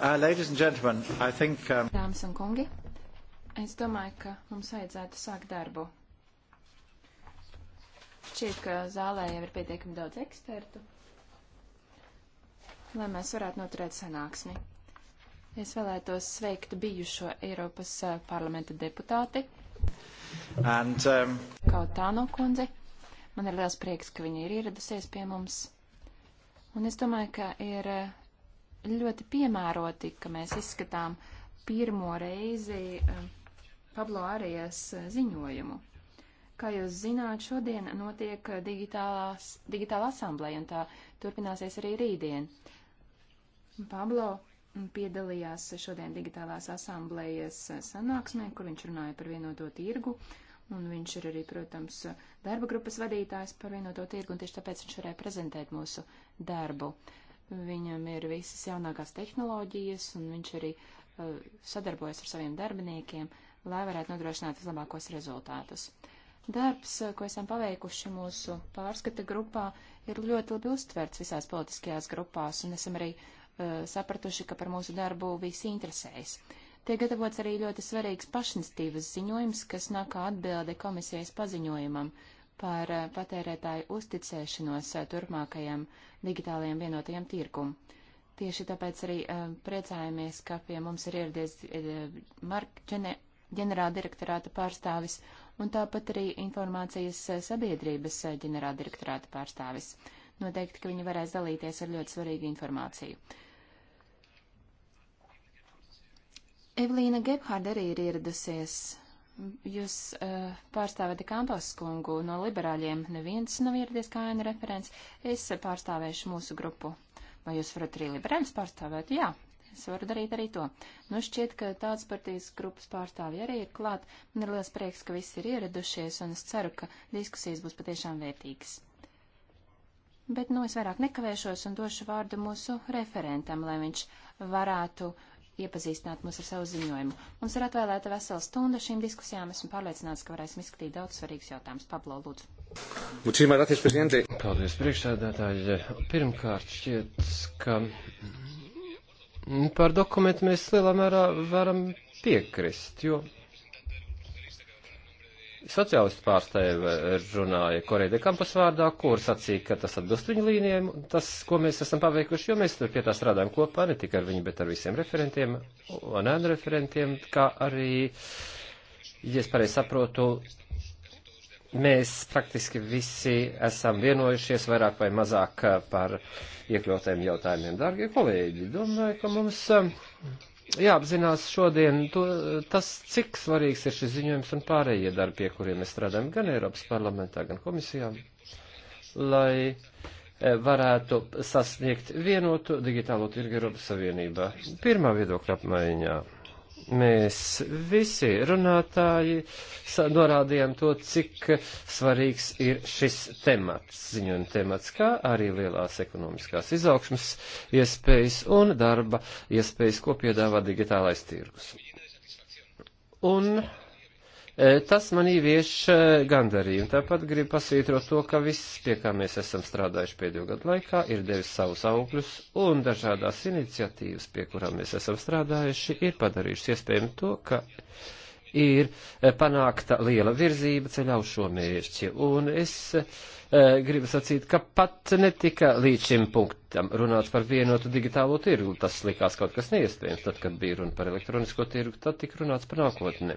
Uh, ladies and gentlemen, I think. Um... Dāmas un kungi, es domāju, ka mums vajadzētu sākt darbu. Šķiet, ka zālē jau ir pietiekami daudz ekspertu, lai mēs varētu noturēt sanāksmi. Es vēlētos sveikt bijušo Eiropas uh, parlamenta deputāti. And, um... Kautano kundzi. Man ir liels prieks, ka viņa ir ieradusies pie mums. Un es domāju, ka ir eh, ļoti piemēroti, ka mēs izskatām pirmo reizi eh, Pablo Arijas eh, ziņojumu. Kā jūs zināt, šodien notiek digitāla asambleja, un tā turpināsies arī rītdien. Pablo piedalījās šodien digitālās asamblejas sanāksmē, kur viņš runāja par vienoto tirgu, un viņš ir arī, protams, darba grupas vadītājs par vienoto tirgu, un tieši tāpēc viņš varēja prezentēt mūsu darbu. Viņam ir visas jaunākās tehnoloģijas, un viņš arī uh, sadarbojas ar saviem darbiniekiem, lai varētu nodrošināt vislabākos rezultātus. Darbs, uh, ko esam paveikuši mūsu pārskata grupā, ir ļoti labi uztverts visās politiskajās grupās, un esam arī uh, sapratuši, ka par mūsu darbu visi interesējas. Uh, Tiek gatavots arī ļoti svarīgs pašnestības ziņojums, kas nāk kā atbilde komisijas paziņojumam par eh, patērētāju uzticēšanos eh, turpmākajam digitālajiem vienotajam tirkumu. Tieši tāpēc arī uh, priecājamies, ka pie mums ir ieradies uh, Mark ģene, ģenerāldirektorāta pārstāvis un tāpat arī informācijas sabiedrības ģenerāldirektorāta pārstāvis. Noteikti, ka viņi varēs dalīties ar ļoti svarīgu informāciju. Evelīna Gebhārda arī ir ieradusies. Jūs uh, eh, pārstāvēt Kampos kungu no liberāļiem. Neviens nav ieradies kā aina referents. Es pārstāvēšu mūsu grupu. Vai jūs varat arī liberāļus pārstāvēt? Jā, es varu darīt arī to. Nu, šķiet, ka tāds partijas grupas pārstāvji arī ir klāt. Man ir liels prieks, ka visi ir ieradušies, un es ceru, ka diskusijas būs patiešām vērtīgas. Bet, nu, es vairāk nekavēšos un došu vārdu mūsu referentam, lai viņš varētu uh, iepazīstināt mūs ar savu ziņojumu. Mums ir atvēlēta vesela stunda šīm diskusijām. Esmu pārliecināts, ka varēsim izskatīt daudz svarīgus jautājumus. Pablo, lūdzu. Muchísimas gracias, presidente. Paldies, priekšsēdētāji. Pirmkārt, šķiet, ka par dokumentu mēs lielā mērā varam piekrist, jo sociālistu pārstāve runāja Koreida Kampas vārdā, kur sacīja, ka tas atbilst viņu līnijiem, tas, ko mēs esam paveikuši, jo mēs tur pie tā strādājam kopā, ne tikai ar viņu, bet ar visiem referentiem un ēnu referentiem, kā arī, ja es pareizi saprotu, mēs praktiski visi esam vienojušies vairāk vai mazāk par iekļautiem jautājumiem. Dārgie kolēģi, domāju, ka mums. Uh, jāapzinās šodien to, tas, cik svarīgs ir šis ziņojums un pārējie darbi, pie kuriem mēs strādājam gan Eiropas parlamentā, gan komisijām, lai e, varētu sasniegt vienotu digitālo tirgu Eiropas Savienībā. Pirmā viedokļa apmaiņā mēs visi runātāji norādījām to, cik svarīgs ir šis temats, ziņojuma temats, kā arī lielās ekonomiskās izaugsmas iespējas un darba iespējas, ko piedāvā digitālais tirgus. Un E, tas manī vieš e, gandarījumu. Tāpat gribu pasvītrot to, ka viss, pie kā mēs esam strādājuši pēdējo gadu laikā, ir devis savus augļus, un dažādās iniciatīvas, pie kurām mēs esam strādājuši, ir padarījušas iespējami to, ka ir eh, panākta liela virzība ceļā uz šo mērķi. Un es eh, gribu sacīt, ka pat netika līdz šim punktam runāts par vienotu digitālo tirgu. Tas likās kaut kas neiespējams, tad, kad bija runa par elektronisko tirgu, tad tika runāts par nākotni.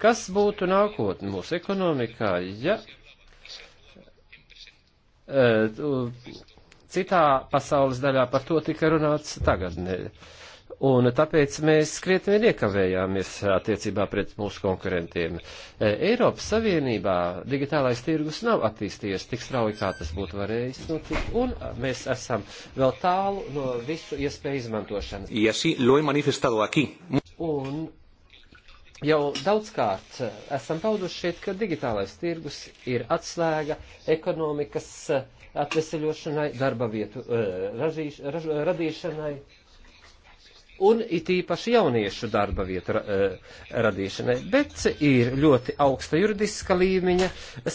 Kas būtu nākotne mūsu ekonomikā, ja eh, citā pasaules daļā par to tika runāts tagad? Ne un tāpēc mēs krietni vien iekavējāmies attiecībā pret mūsu konkurentiem. E, Eiropas Savienībā digitālais tirgus nav attīstījies tik strauji, kā tas būtu varējis notikt, un mēs esam vēl tālu no visu iespēju izmantošanas. Un jau daudzkārt esam pauduši šeit, ka digitālais tirgus ir atslēga ekonomikas atveseļošanai, darba vietu e, ražīš, raž, radīšanai un it īpaši jauniešu darba vietu ra, eh, radīšanai, bet ir ļoti augsta juridiska līmeņa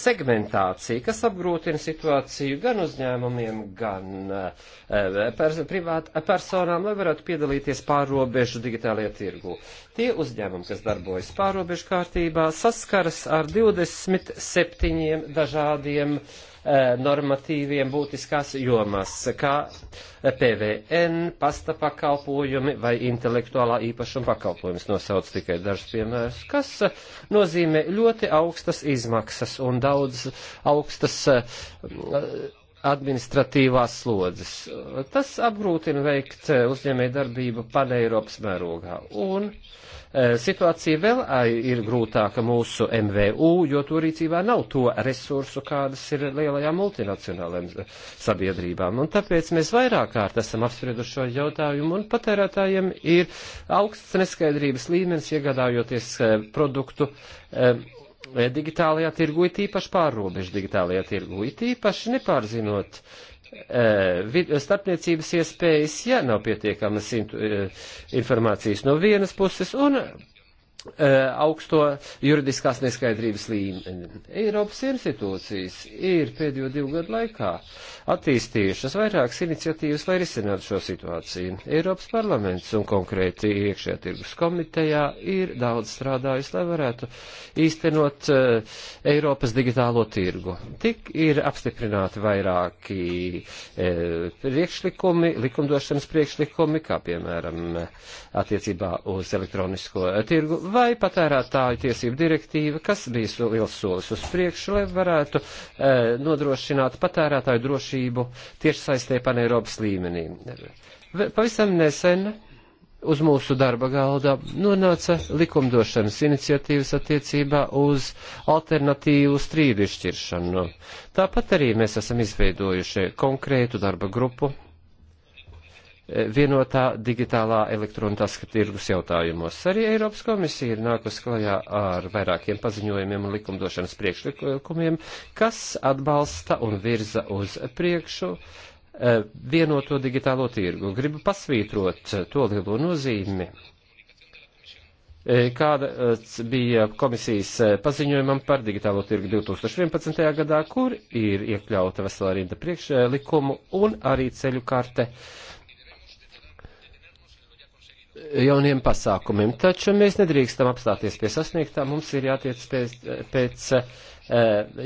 segmentācija, kas apgrūtina situāciju gan uzņēmumiem, gan eh, pers privāta personām, lai varētu piedalīties pārobežu digitālajā tirgu. Tie uzņēmumi, kas darbojas pārobežu kārtībā, saskaras ar 27 dažādiem uh, Eh, normatīviem būtiskās jomās, kā PVN, pasta pakalpojumi vai intelektuālā īpašuma pakalpojums. Nosauc tikai dažus piemērus, kas nozīmē ļoti augstas izmaksas un daudz augstas eh, administratīvās slodzes. Tas apgrūtina veikt uzņēmē darbību paneiropas mērogā. Un uh, Eh, situācija vēl ir grūtāka mūsu MVU, jo to rīcībā nav to resursu, kādas ir lielajām multinacionālajām sabiedrībām. Un tāpēc mēs vairāk kārt esam apsprieduši šo jautājumu, un patērētājiem ir augsts neskaidrības līmenis iegādājoties eh, produktu eh, digitālajā tirgu, it īpaši pārrobežu digitālajā tirgu, it īpaši nepārzinot Eh, starpniecības iespējas, ja nav pietiekamas eh, informācijas no vienas puses, un E, augsto juridiskās neskaidrības līmeni. Eiropas institūcijas ir pēdējo divu gadu laikā attīstījušas vairākas iniciatīvas, lai risinātu šo situāciju. Eiropas parlaments un konkrēti iekšējā tirgus komitejā ir daudz strādājis, lai varētu īstenot uh, Eiropas digitālo tirgu. Tik ir apstiprināti vairāki uh, priekšlikumi, likumdošanas priekšlikumi, kā piemēram attiecībā uz elektronisko tirgu vai patērētāju tiesību direktīva, kas bija liels solis uz priekšu, lai varētu e, nodrošināt patērētāju drošību tieši saistē paneiropas līmenī. Pavisam nesen uz mūsu darba galda nonāca likumdošanas iniciatīvas attiecībā uz alternatīvu strīdu izšķiršanu. Tāpat arī mēs esam izveidojuši konkrētu darba grupu vienotā digitālā elektroniskā tirgus jautājumos. Arī Eiropas komisija ir nākus klajā ar vairākiem paziņojumiem un likumdošanas priekšlikumiem, kas atbalsta un virza uz priekšu eh, vienoto digitālo tirgu. Gribu pasvītrot eh, to lielo nozīmi, eh, kāda bija komisijas paziņojumam par digitālo tirgu 2011. gadā, kur ir iekļauta veselā rinda priekšlikumu un arī ceļu karte jauniem pasākumiem. Taču mēs nedrīkstam apstāties pie sasniegtā, mums ir jātiec pēc, pēc eh,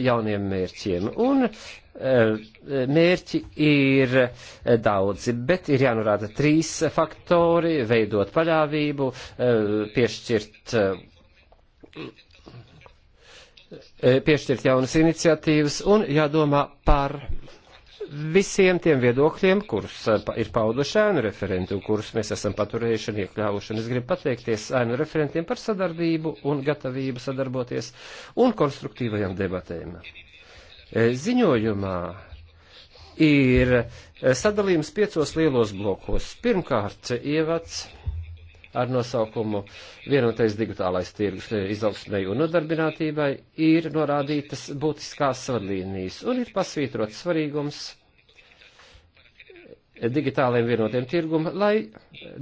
jauniem mērķiem. Un eh, mērķi ir eh, daudzi, bet ir jānorāda trīs faktori - veidot paļāvību, piešķirt piešķirt jaunas iniciatīvas un jādomā par visiem tiem viedokļiem, kurus eh, ir pauduši ēnu referenti un kurus mēs esam paturējuši un iekļāvuši. Un es gribu pateikties ēnu referentiem par sadarbību un gatavību sadarboties un konstruktīvajām debatēm. Eh, ziņojumā ir eh, sadalījums piecos lielos blokos. Pirmkārt, ievads ar nosaukumu Vienotais digitālais tirgus eh, izaugsmai un nodarbinātībai ir norādītas būtiskās svarlīnijas un ir pasvītrots svarīgums digitāliem vienotiem tirgum, lai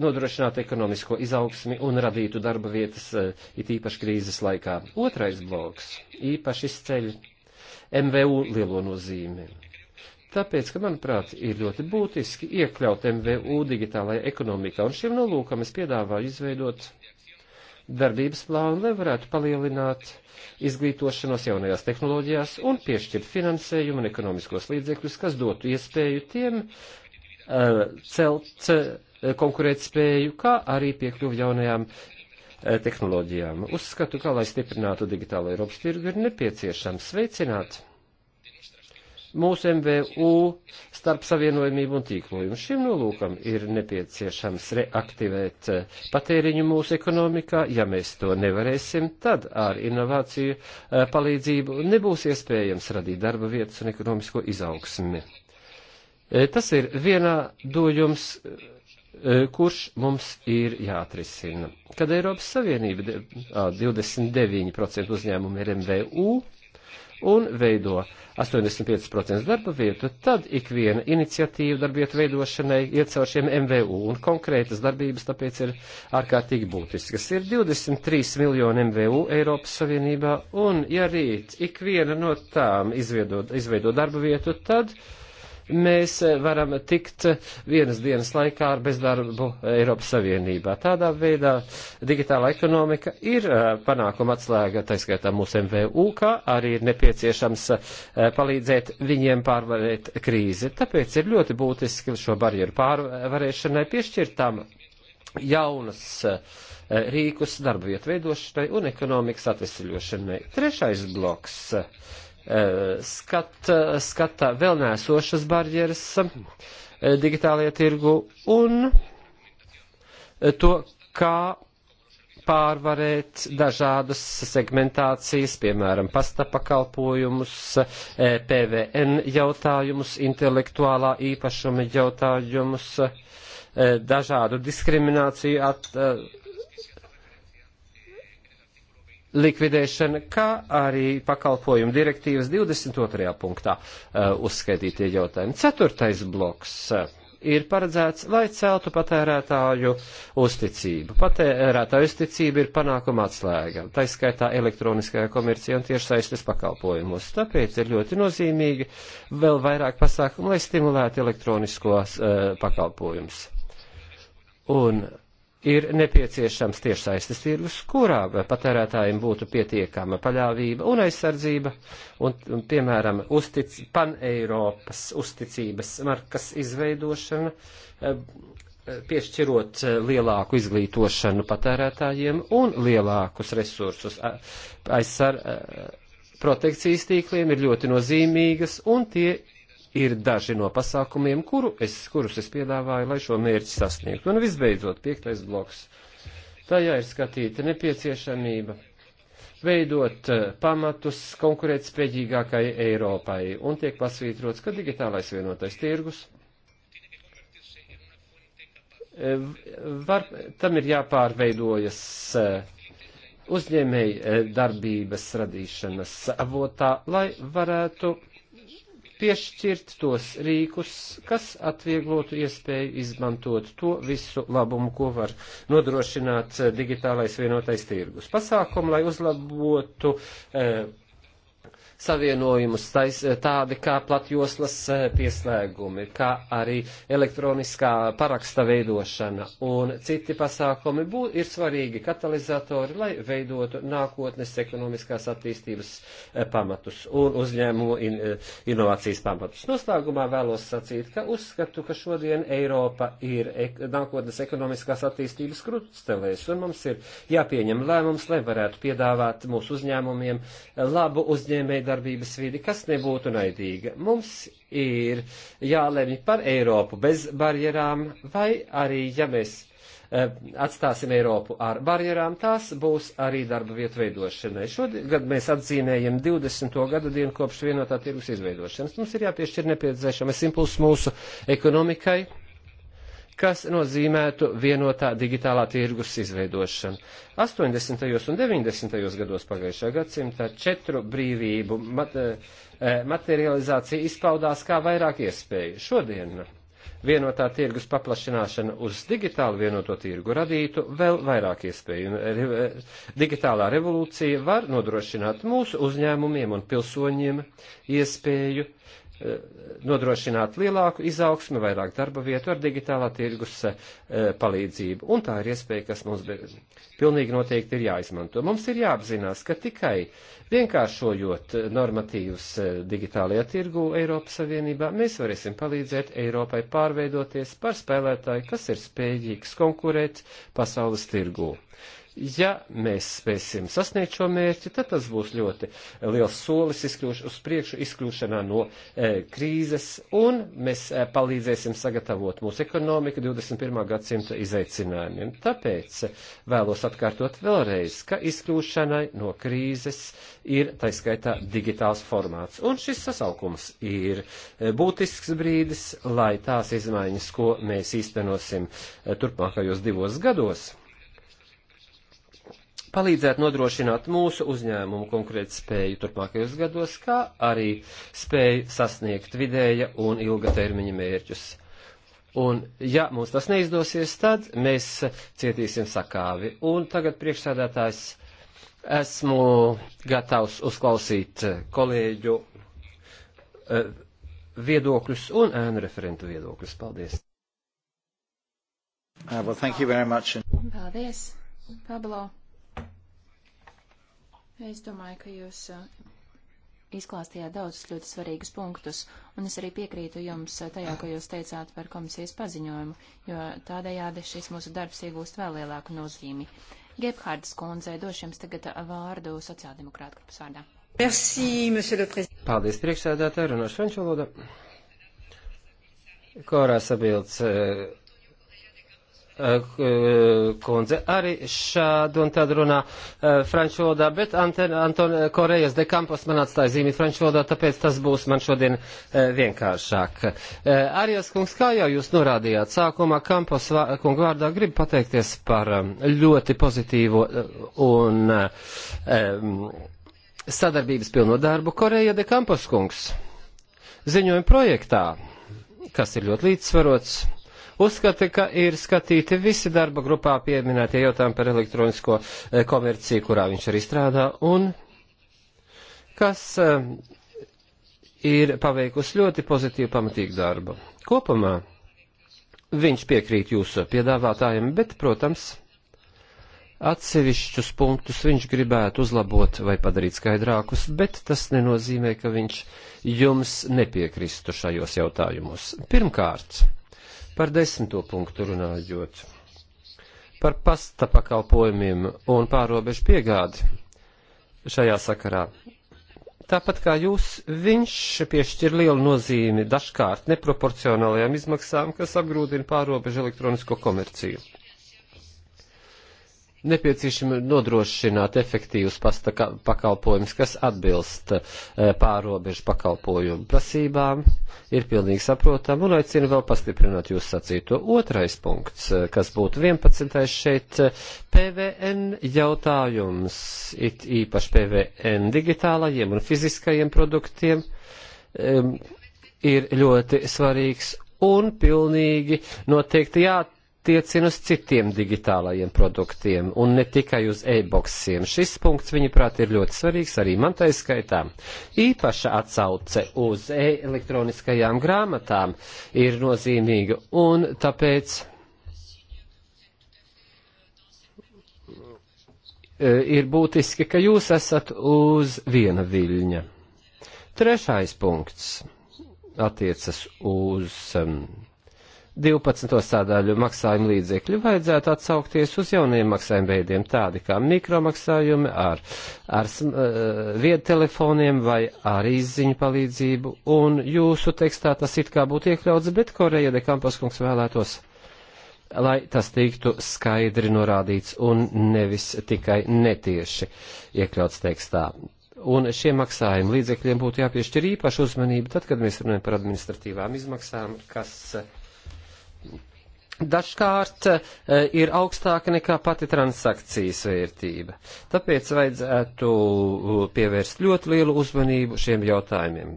nodrošinātu ekonomisko izaugsmi un radītu darba vietas, eh, it īpaši krīzes laikā. Otrais bloks īpaši izceļ MVU lielo nozīmi tāpēc, ka, manuprāt, ir ļoti būtiski iekļaut MVU digitālajā ekonomikā, un šim nolūkam es piedāvāju izveidot darbības plānu, lai varētu palielināt izglītošanos jaunajās tehnoloģijās un piešķirt finansējumu un ekonomiskos līdzekļus, kas dotu iespēju tiem uh, celt uh, eh, konkurētspēju, kā arī piekļuvu jaunajām uh, tehnoloģijām. Uzskatu, kā lai stiprinātu digitālo Eiropas tirgu, ir nepieciešams veicināt mūsu MVU starp savienojumību un tīklojumu. Šim nolūkam ir nepieciešams reaktivēt eh, patēriņu mūsu ekonomikā. Ja mēs to nevarēsim, tad ar inovāciju eh, palīdzību nebūs iespējams radīt darba vietas un ekonomisko izaugsmi. Eh, tas ir vienā dojums, kurš mums ir jāatrisina. Kad Eiropas Savienība 29% uzņēmumu ir MVU, un veido 85% darba vietu, tad ikviena iniciatīva darbvietu veidošanai iet caur šiem MVU, un konkrētas darbības tāpēc ir ārkārtīgi būtiskas. Ir 23 miljoni MVU Eiropas Savienībā, un ja rīt ikviena no tām izveido, izveido darba vietu, tad mēs eh, varam tikt eh, vienas dienas laikā ar bezdarbu eh, Eiropas Savienībā. Tādā veidā digitāla ekonomika ir panākuma atslēga, taiskaitā mūsu MVU, kā arī ir nepieciešams palīdzēt viņiem pārvarēt krīzi. Tāpēc ir ļoti būtiski šo barjeru pārvarēšanai piešķirtām jaunas rīkus darba vietu veidošanai un ekonomikas atvesļošanai. Trešais bloks Eh, skata, skata vēl nēsošas barjeras eh, digitālajā tirgu un eh, to, kā pārvarēt dažādas segmentācijas, piemēram, pasta pakalpojumus, PVN jautājumus, intelektuālā īpašuma jautājumus, dažādu diskrimināciju at, likvidēšana, kā arī pakalpojumu direktīvas 22. punktā uh, uzskaitītie jautājumi. Ceturtais bloks uh, ir paredzēts, lai celtu patērētāju uzticību. Patērētāju uzticība ir panākuma atslēga, tā skaitā elektroniskajā komercijā un tiešsaistes pakalpojumos. Tāpēc ir ļoti nozīmīgi vēl vairāk pasākumu, lai stimulētu elektroniskos uh, pakalpojumus. Un ir nepieciešams tiešsaistes tirgus, kurā patērētājiem būtu pietiekama paļāvība un aizsardzība, un, un piemēram, uztic, paneiropas uzticības markas izveidošana, eh, piešķirot eh, lielāku izglītošanu patērētājiem un lielākus resursus aizsar, eh, protekcijas tīkliem ir ļoti nozīmīgas, un tie ir daži no pasākumiem, kuru es, kurus es piedāvāju, lai šo mērķi sasniegtu. Un visbeidzot, piektais bloks. Tajā ir skatīta nepieciešamība veidot eh, pamatus konkurētspējīgākai Eiropai, un tiek pasvītrots, ka digitālais vienotais tirgus eh, var, tam ir jāpārveidojas eh, uzņēmēji darbības radīšanas avotā, lai varētu piešķirt tos rīkus, kas atvieglotu iespēju izmantot to visu labumu, ko var nodrošināt eh, digitālais vienotais tirgus. Pasākumu, lai uzlabotu. Eh, savienojumus, tais, eh, tādi kā platjoslas eh, pieslēgumi, kā arī elektroniskā paraksta veidošana un citi pasākumi bū, ir svarīgi katalizatori, lai veidotu nākotnes ekonomiskās attīstības eh, pamatus un uzņēmumu in, inovācijas pamatus. Noslēgumā vēlos sacīt, ka uzskatu, ka šodien Eiropa ir ek, nākotnes ekonomiskās attīstības krustelēs un mums ir jāpieņem lēmums, lai varētu piedāvāt mūsu uzņēmumiem labu uzņēmēju uzņēmējdarbības vidi, kas nebūtu naidīga. Mums ir jālemj par Eiropu bez barjerām, vai arī, ja mēs eh, atstāsim Eiropu ar barjerām, tās būs arī darba vietu veidošanai. Šogad mēs atzīmējam 20. gada dienu kopš vienotā tirgus izveidošanas. Mums ir jāpiešķir nepieciešamais impulss mūsu ekonomikai kas nozīmētu vienotā digitālā tirgus izveidošanu. 80. un 90. gados pagājušā gadsimta četru brīvību mat, eh, materializācija izpaudās kā vairāk iespēju. Šodien vienotā tirgus paplašināšana uz digitālu vienoto tirgu radītu vēl vairāk iespēju. Digitālā revolūcija var nodrošināt mūsu uzņēmumiem un pilsoņiem iespēju Eh, nodrošināt lielāku izaugsmi, vairāk darba vietu ar digitālā tirgus eh, palīdzību. Un tā ir iespēja, kas mums pilnīgi noteikti ir jāizmanto. Mums ir jāapzinās, ka tikai vienkāršojot eh, normatīvus digitālajā tirgu Eiropas Savienībā, mēs varēsim palīdzēt Eiropai pārveidoties par spēlētāju, kas ir spējīgs konkurēt pasaules tirgū. Ja mēs spēsim sasniegt šo mērķi, tad tas būs ļoti liels solis izkļūš, uz priekšu izkļūšanā no e, krīzes, un mēs e, palīdzēsim sagatavot mūsu ekonomiku 21. gadsimta izaicinājumiem. Tāpēc e, vēlos atkārtot vēlreiz, ka izkļūšanai no krīzes ir taiskaitā digitāls formāts, un šis sasaukums ir e, būtisks brīdis, lai tās izmaiņas, ko mēs īstenosim e, turpmākajos divos gados, palīdzētu nodrošināt mūsu uzņēmumu konkrētu spēju turpmākajos gados, kā arī spēju sasniegt vidēja un ilga termiņa mērķus. Un, ja mums tas neizdosies, tad mēs cietīsim sakāvi. Un tagad priekšsēdētājs esmu gatavs uzklausīt kolēģu eh, viedokļus un ēnu referentu viedokļus. Paldies! Uh, well, thank you very much. Paldies, Pablo. Es domāju, ka jūs uh, izklāstījāt daudzus ļoti svarīgus punktus, un es arī piekrītu jums uh, tajā, ko jūs teicāt par komisijas paziņojumu, jo tādējādi šis mūsu darbs iegūst vēl lielāku nozīmi. Gebhārdas kundze, došu jums tagad uh, vārdu sociāldemokrāta grupas vārdā. Merci, monsieur le président. Paldies, priekšsēdētāji, runāšu franču valodā. Korā sabilds. Uh, Eh, eh, kundze arī šādu un tad runā eh, franču valodā, bet Anten, Anton Korejas de Campos man atstāja zīmi franču valodā, tāpēc tas būs man šodien vienkāršāk. Arijas kungs, kā jau jūs norādījāt, sākumā Campos kungu vārdā grib pateikties par ļoti pozitīvo un sadarbības pilno darbu Koreja de Campos kungs. Ziņojuma projektā, kas ir ļoti līdzsvarots, uzskata, ka ir skatīti visi darba grupā pieminētie jautājumi par elektronisko eh, komerciju, kurā viņš arī strādā, un kas eh, ir paveikusi ļoti pozitīvu pamatīgu darbu. Kopumā viņš piekrīt jūsu piedāvātājiem, bet, protams, Atsevišķus punktus viņš gribētu uzlabot vai padarīt skaidrākus, bet tas nenozīmē, ka viņš jums nepiekristu šajos jautājumos. Pirmkārt, Par desmito punktu runājot, par pasta pakalpojumiem un pārobežu piegādi šajā sakarā. Tāpat kā jūs, viņš piešķir lielu nozīmi dažkārt neproporcionālajām izmaksām, kas apgrūtina pārobežu elektronisko komerciju nepieciešami nodrošināt efektīvus pasta pakalpojumus, kas atbilst eh, pārobežu pakalpojumu prasībām, ir pilnīgi saprotam un aicinu vēl pastiprināt jūs sacīto. Otrais punkts, eh, kas būtu 11. šeit, eh, PVN jautājums, it īpaši PVN digitālajiem un fiziskajiem produktiem, um, ir ļoti svarīgs un pilnīgi noteikti jā attiecina uz citiem digitālajiem produktiem un ne tikai uz e-boksiem. Šis punkts, viņuprāt, ir ļoti svarīgs arī man taiskaitā. Īpaša atsauce uz e-elektroniskajām grāmatām ir nozīmīga un tāpēc e, ir būtiski, ka jūs esat uz viena viļņa. Trešais punkts attiecas uz um, 12. sādāļu maksājumu līdzekļu vajadzētu atsaukties uz jauniem maksājumu veidiem, tādi kā mikromaksājumi ar, ar uh, viedtelefoniem vai ar izziņu palīdzību, un jūsu tekstā tas it kā būtu iekļauts, bet Koreja de Kampaskungs vēlētos, lai tas tiktu skaidri norādīts un nevis tikai netieši iekļauts tekstā. Un šiem maksājumu līdzekļiem būtu jāpiešķir īpaša uzmanība tad, kad mēs runājam par administratīvām izmaksām, kas uh, dažkārt eh, ir augstāka nekā pati transakcijas vērtība. Tāpēc vajadzētu eh, pievērst ļoti lielu uzmanību šiem jautājumiem.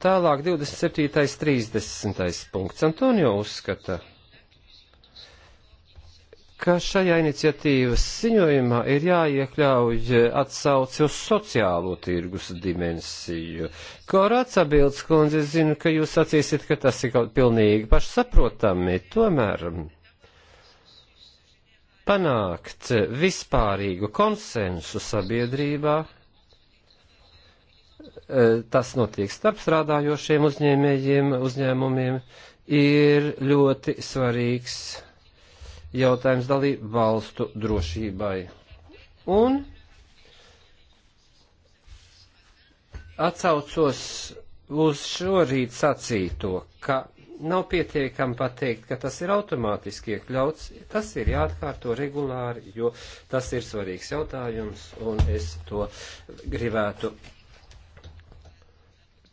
Tālāk 27.30. punkts. Antonio uzskata, ka šajā iniciatīvas ziņojumā ir jāiekļauj atsauci uz sociālo tirgus dimensiju. Korāca Bildes kundze, es zinu, ka jūs sacīsiet, ka tas ir kaut pilnīgi pašsaprotami, tomēr panākt vispārīgu konsensu sabiedrībā, tas notiek starp strādājošiem uzņēmējiem, uzņēmumiem, ir ļoti svarīgs jautājums dalību valstu drošībai. Un atsaucos uz šorīt sacīto, ka nav pietiekami pateikt, ka tas ir automātiski iekļauts. Tas ir jāatkārto regulāri, jo tas ir svarīgs jautājums, un es to gribētu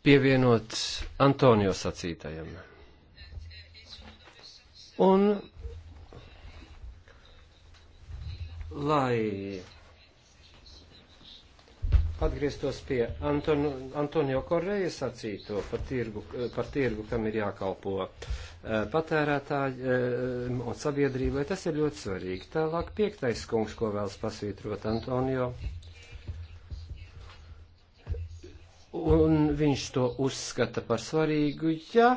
pievienot Antonio sacītajam. Un lai atgrieztos pie Antonu, Antonio Korreja sacīto par tirgu, par tirgu, kam ir jākalpo eh, patērētājiem eh, un sabiedrībai. Tas ir ļoti svarīgi. Tālāk piektais kungs, ko vēlas pasvītrot Antonio. Un viņš to uzskata par svarīgu, ja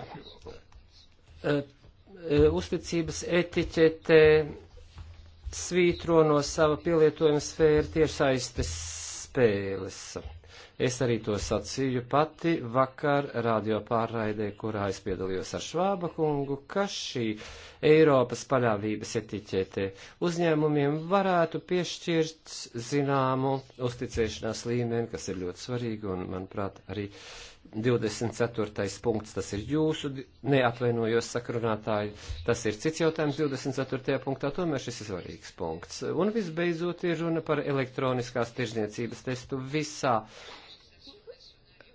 eh, uzticības etiķetē svītro no sava pielietojuma sfēra tiešsaistes spēles. Es arī to sacīju pati vakar radio pārraidē, kurā es piedalījos ar Švāba kungu, ka šī Eiropas paļāvības etiķete uzņēmumiem varētu piešķirt zināmu uzticēšanās līmeni, kas ir ļoti svarīgi un, manuprāt, arī uh, 24. punkts, tas ir jūsu, neatvainojos sakrunātāji, tas ir cits jautājums 24. punktā, tomēr šis ir svarīgs punkts. Un visbeidzot ir runa par elektroniskās tirzniecības testu visā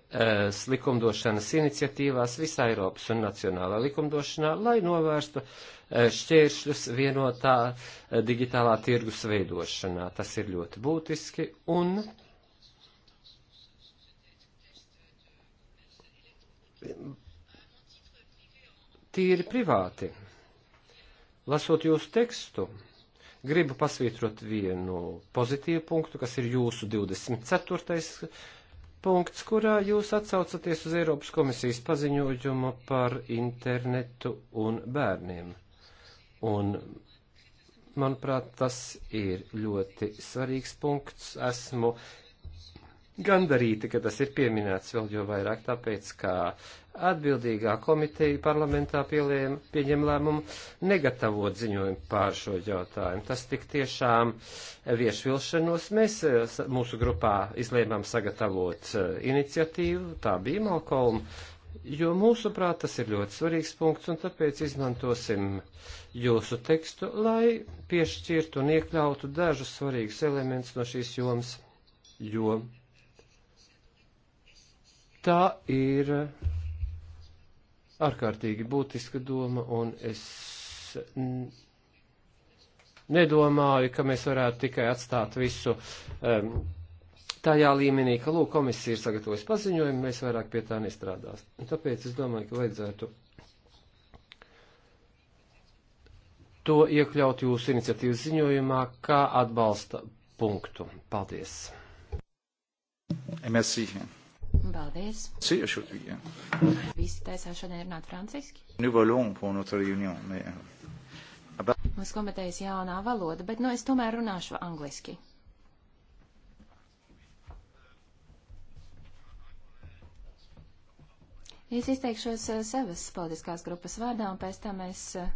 eh, likumdošanas iniciatīvās, visā Eiropas un nacionālā likumdošanā, lai novērstu eh, šķēršļus vienotā eh, digitālā tirgus veidošanā. Tas ir ļoti būtiski un tīri privāti. Lasot jūsu tekstu, gribu pasvītrot vienu pozitīvu punktu, kas ir jūsu 24. punkts, kurā jūs atsaucaties uz Eiropas komisijas paziņojumu par internetu un bērniem. Un, manuprāt, tas ir ļoti svarīgs punkts. Esmu gandarīti, ka tas ir pieminēts vēl jo vairāk, tāpēc, ka atbildīgā komiteja parlamentā pielēma, pieņem lēmumu negatavot ziņojumu pār šo jautājumu. Tas tik tiešām vieš vilšanos. Mēs eh, mūsu grupā izlēmām sagatavot eh, iniciatīvu, tā bija Malkolma, jo mūsuprāt tas ir ļoti svarīgs punkts, un tāpēc izmantosim jūsu tekstu, lai piešķirtu un iekļautu dažus svarīgus elementus no šīs jomas, jo Tā ir ārkārtīgi būtiska doma, un es nedomāju, ka mēs varētu tikai atstāt visu um, tajā līmenī, ka, lūk, komisija ir sagatavojusi paziņojumu, mēs vairāk pie tā nestrādās. Tāpēc es domāju, ka vajadzētu to iekļaut jūsu iniciatīvas ziņojumā, kā atbalsta punktu. Paldies! MSC. Paldies. Visi taisās šodien runāt franciski. Euh, Mums komitejas jaunā valoda, bet nu es tomēr runāšu angliski. Es izteikšos eh, savas politiskās grupas vārdā, un pēc tam es eh,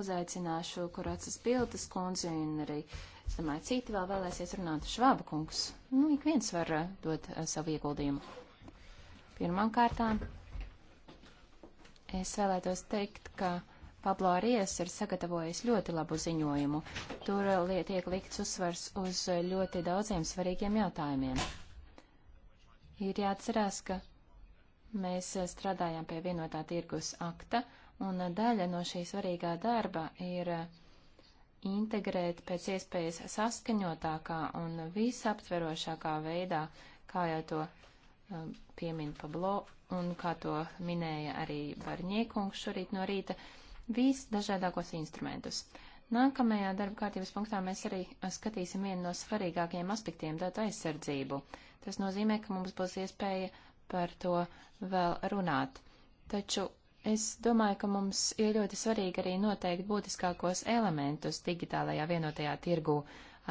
uzaicināšu Kuracas Piltas kundzi un arī uh, Es domāju, citi vēl vēlēsies runāt. Švāba kungs, nu, ik viens var uh, dot uh, savu ieguldījumu. Pirmām kārtām es vēlētos teikt, ka Pablo Arijas ir sagatavojis ļoti labu ziņojumu. Tur uh, tiek likts uzsvars uz ļoti daudziem svarīgiem jautājumiem. Ir jāatcerās, ka mēs strādājām pie vienotā tirgus akta, un daļa no šī svarīgā darba ir uh, integrēt pēc iespējas saskaņotākā un visaptverošākā veidā, kā jau to um, piemin Pablo un kā to minēja arī Barņiekungs šorīt no rīta, visdažādākos instrumentus. Nākamajā darba kārtības punktā mēs arī uh, skatīsim vienu no svarīgākajiem aspektiem - datu aizsardzību. Tas nozīmē, ka mums būs iespēja par to vēl runāt. Taču Es domāju, ka mums ir ļoti svarīgi arī noteikt būtiskākos elementus digitālajā vienotajā tirgū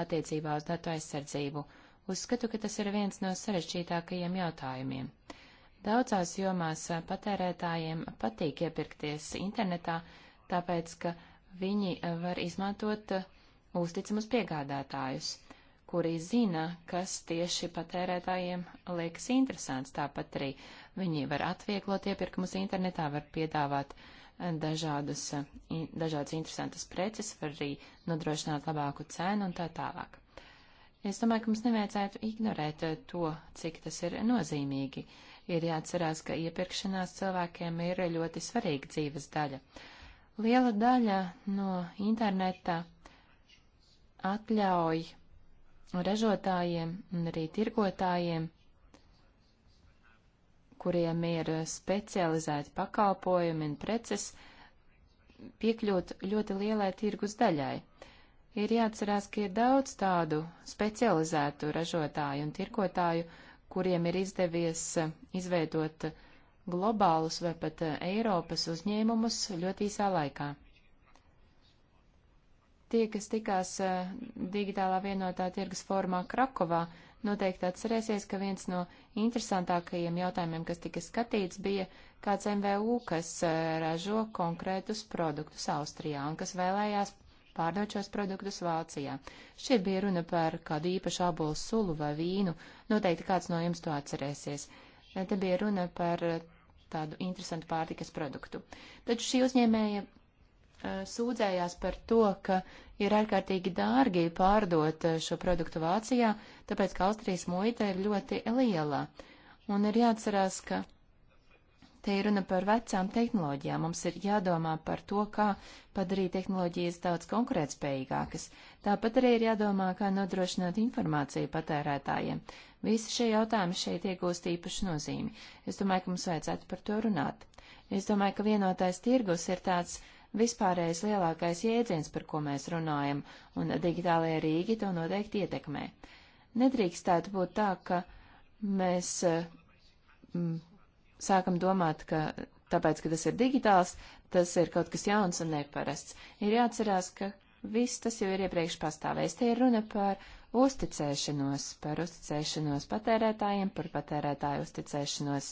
attiecībā uz datu aizsardzību. Uzskatu, ka tas ir viens no sarežģītākajiem jautājumiem. Daudzās jomās patērētājiem patīk iepirkties internetā, tāpēc, ka viņi var izmantot uzticamus piegādātājus, kuri zina, kas tieši patērētājiem liekas interesants, tāpat arī Viņi var atvieglot iepirkumus internetā, var piedāvāt eh, dažādus, eh, dažādas interesantas preces, var arī nodrošināt labāku cenu un tā tālāk. Es domāju, ka mums nevajadzētu ignorēt eh, to, cik tas ir nozīmīgi. Ir jāatcerās, ka iepirkšanās cilvēkiem ir ļoti svarīga dzīves daļa. Liela daļa no interneta atļauj ražotājiem un arī tirgotājiem kuriem ir eh, specializēti pakalpojumi un preces, piekļūt ļoti lielai tirgus daļai. Ir jāatcerās, ka ir daudz tādu specializētu ražotāju un tirkotāju, kuriem ir izdevies eh, izveidot eh, globālus vai pat Eiropas uzņēmumus ļoti īsā laikā. Tie, kas tikās digitālā vienotā tirgus formā Krakovā, Noteikti atcerēsies, ka viens no interesantākajiem jautājumiem, kas tika skatīts, bija kāds MVU, kas eh, ražo konkrētus produktus Austrijā un kas vēlējās pārdot šos produktus Vācijā. Šeit bija runa par kādu īpašu abolu sulu vai vīnu. Noteikti kāds no jums to atcerēsies. Eh, te bija runa par eh, tādu interesantu pārtikas produktu. Taču šī uzņēmēja Eh, sūdzējās par to, ka ir ārkārtīgi dārgi pārdot eh, šo produktu Vācijā, tāpēc ka Austrijas muita ir ļoti liela. Un ir jāatcerās, ka te ir runa par vecām tehnoloģijām. Mums ir jādomā par to, kā padarīt tehnoloģijas daudz konkurētspējīgākas. Tāpat arī ir jādomā, kā nodrošināt informāciju patērētājiem. Visi šie jautājumi šeit iegūst īpašu nozīmi. Es domāju, ka mums vajadzētu par to runāt. Es domāju, ka vienotais tirgus ir tāds uh, vispārējais lielākais jēdziens, par ko mēs runājam, un digitālajie rīgi to noteikti ietekmē. Nedrīkstētu būt tā, ka mēs m, mm, sākam domāt, ka tāpēc, ka tas ir digitāls, tas ir kaut kas jauns un neparasts. Ir jāatcerās, ka viss tas jau ir iepriekš pastāvējis. Te ir runa par uzticēšanos, par uzticēšanos patērētājiem, par patērētāju uzticēšanos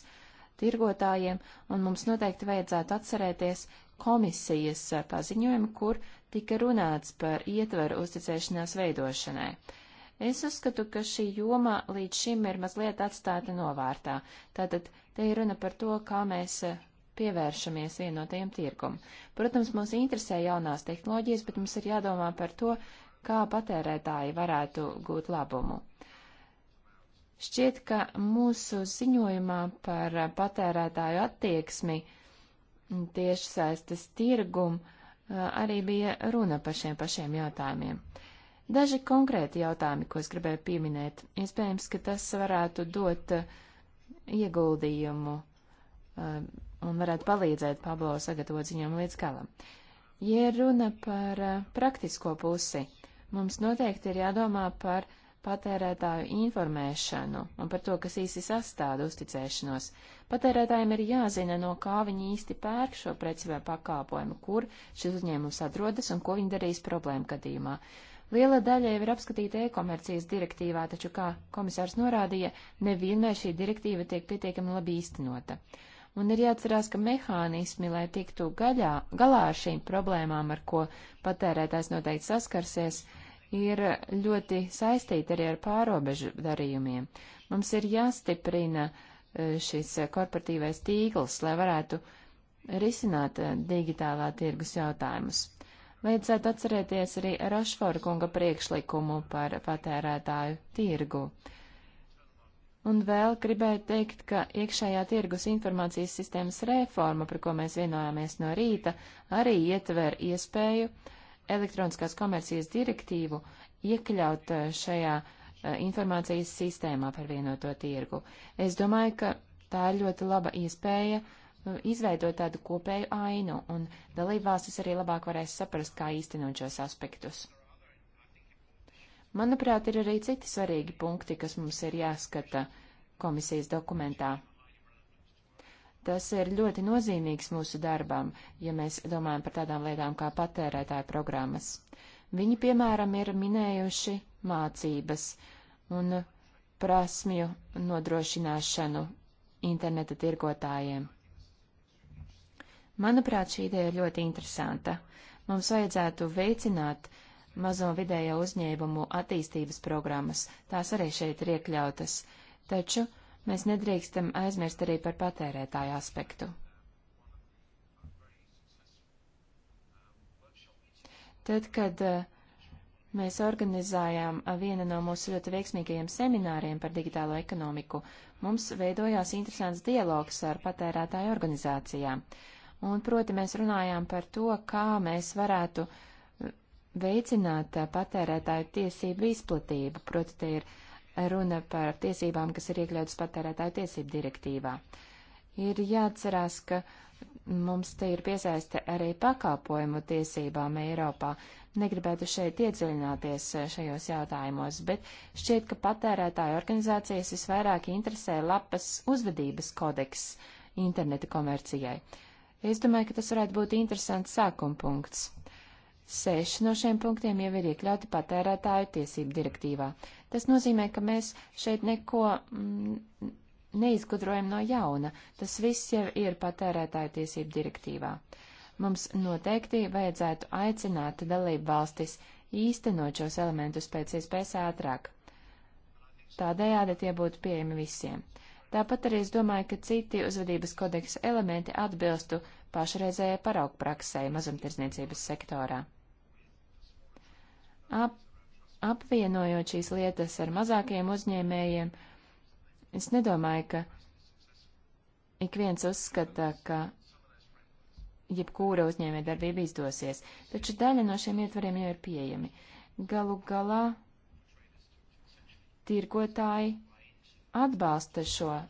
tirgotājiem, un mums noteikti vajadzētu atcerēties, komisijas paziņojumu, kur tika runāts par ietveru uzticēšanās veidošanai. Es uzskatu, ka šī joma līdz šim ir mazliet atstāta novārtā. Tātad te ir runa par to, kā mēs pievēršamies vienotajam tirgum. Protams, mums interesē jaunās tehnoloģijas, bet mums ir jādomā par to, kā patērētāji varētu gūt labumu. Šķiet, ka mūsu ziņojumā par patērētāju attieksmi uh, tiešsaistes tirgumu, arī bija runa par šiem pašiem jautājumiem. Daži konkrēti jautājumi, ko es gribēju pieminēt, iespējams, ka tas varētu dot ieguldījumu un varētu palīdzēt Pablo sagatavot ziņām līdz galam. Ja runa par praktisko pusi, mums noteikti ir jādomā par uh, patērētāju informēšanu un par to, kas īsi sastāda uzticēšanos. Patērētājiem ir jāzina, no kā viņi īsti pērk šo preci vai pakāpojumu, kur šis uzņēmums atrodas un ko viņi darīs problēmu gadījumā. Liela daļa jau ir apskatīta e-komercijas direktīvā, taču, kā komisārs norādīja, nevienmēr šī direktīva tiek pietiekami labi īstenota. Un ir jāatcerās, ka mehānismi, lai tiktu gaļā, galā ar šīm problēmām, ar ko patērētājs noteikti saskarsies, ir ļoti saistīti arī ar pārobežu darījumiem. Mums ir jāstiprina e, šis korporatīvais tīkls, lai varētu risināt e, digitālā tirgus jautājumus. Vajadzētu atcerēties arī Rašforu kunga priekšlikumu par patērētāju tirgu. Un vēl gribēju teikt, ka iekšējā tirgus informācijas sistēmas reforma, par ko mēs vienojāmies no rīta, arī ietver iespēju uh, elektroniskās komercijas direktīvu iekļaut eh, šajā eh, informācijas sistēmā par vienoto tirgu. Es domāju, ka tā ir ļoti laba iespēja eh, izveidot tādu kopēju ainu, un dalībvalstis arī labāk varēs saprast, kā īstenot šos aspektus. Manuprāt, ir arī citi svarīgi punkti, kas mums ir jāskata komisijas dokumentā. Tas ir ļoti nozīmīgs mūsu darbam, ja mēs domājam par tādām lietām kā patērētāju programmas. Viņi, piemēram, ir minējuši mācības un prasmju nodrošināšanu interneta tirgotājiem. Manuprāt, šī ideja ir ļoti interesanta. Mums vajadzētu veicināt mazo vidējo uzņēmumu attīstības programmas, tās arī šeit ir iekļautas, taču Mēs nedrīkstam aizmirst arī par patērētāju aspektu. Tad, kad eh, mēs organizējām eh, vienu no mūsu ļoti veiksmīgajiem semināriem par digitālo ekonomiku, mums veidojās interesants dialogs ar patērētāju organizācijām. Un, proti, mēs runājām par to, kā mēs varētu eh, veicināt patērētāju tiesību izplatību. Proti, te ir runa par tiesībām, kas ir iekļautas patērētāju tiesību direktīvā. Ir jāatcerās, ka mums te ir piesaiste arī pakalpojumu tiesībām Eiropā. Negribētu šeit iedziļināties eh, šajos jautājumos, bet šķiet, ka patērētāju organizācijas visvairāk interesē lapas uzvedības kodeks interneta komercijai. Es domāju, ka tas varētu būt interesants sākuma punkts. Seši no šiem punktiem jau ir iekļauti patērētāju tiesību direktīvā. Tas nozīmē, ka mēs šeit neko mm, neizgudrojam no jauna. Tas viss jau ir patērētāja tiesību direktīvā. Mums noteikti vajadzētu aicināt dalību valstis īstenot šos elementus pēc iespējas ātrāk. Tādējādi tie būtu pieejami visiem. Tāpat arī es domāju, ka citi uzvedības kodeksa elementi atbilstu pašreizējai paraugpraksē mazumtirdzniecības sektorā. Ap apvienojot šīs lietas ar mazākiem uzņēmējiem, es nedomāju, ka ik viens uzskata, ka jebkura uzņēmē darbība izdosies, taču daļa no šiem ietvariem jau ir pieejami. Galu galā tirgotāji atbalsta šo uh,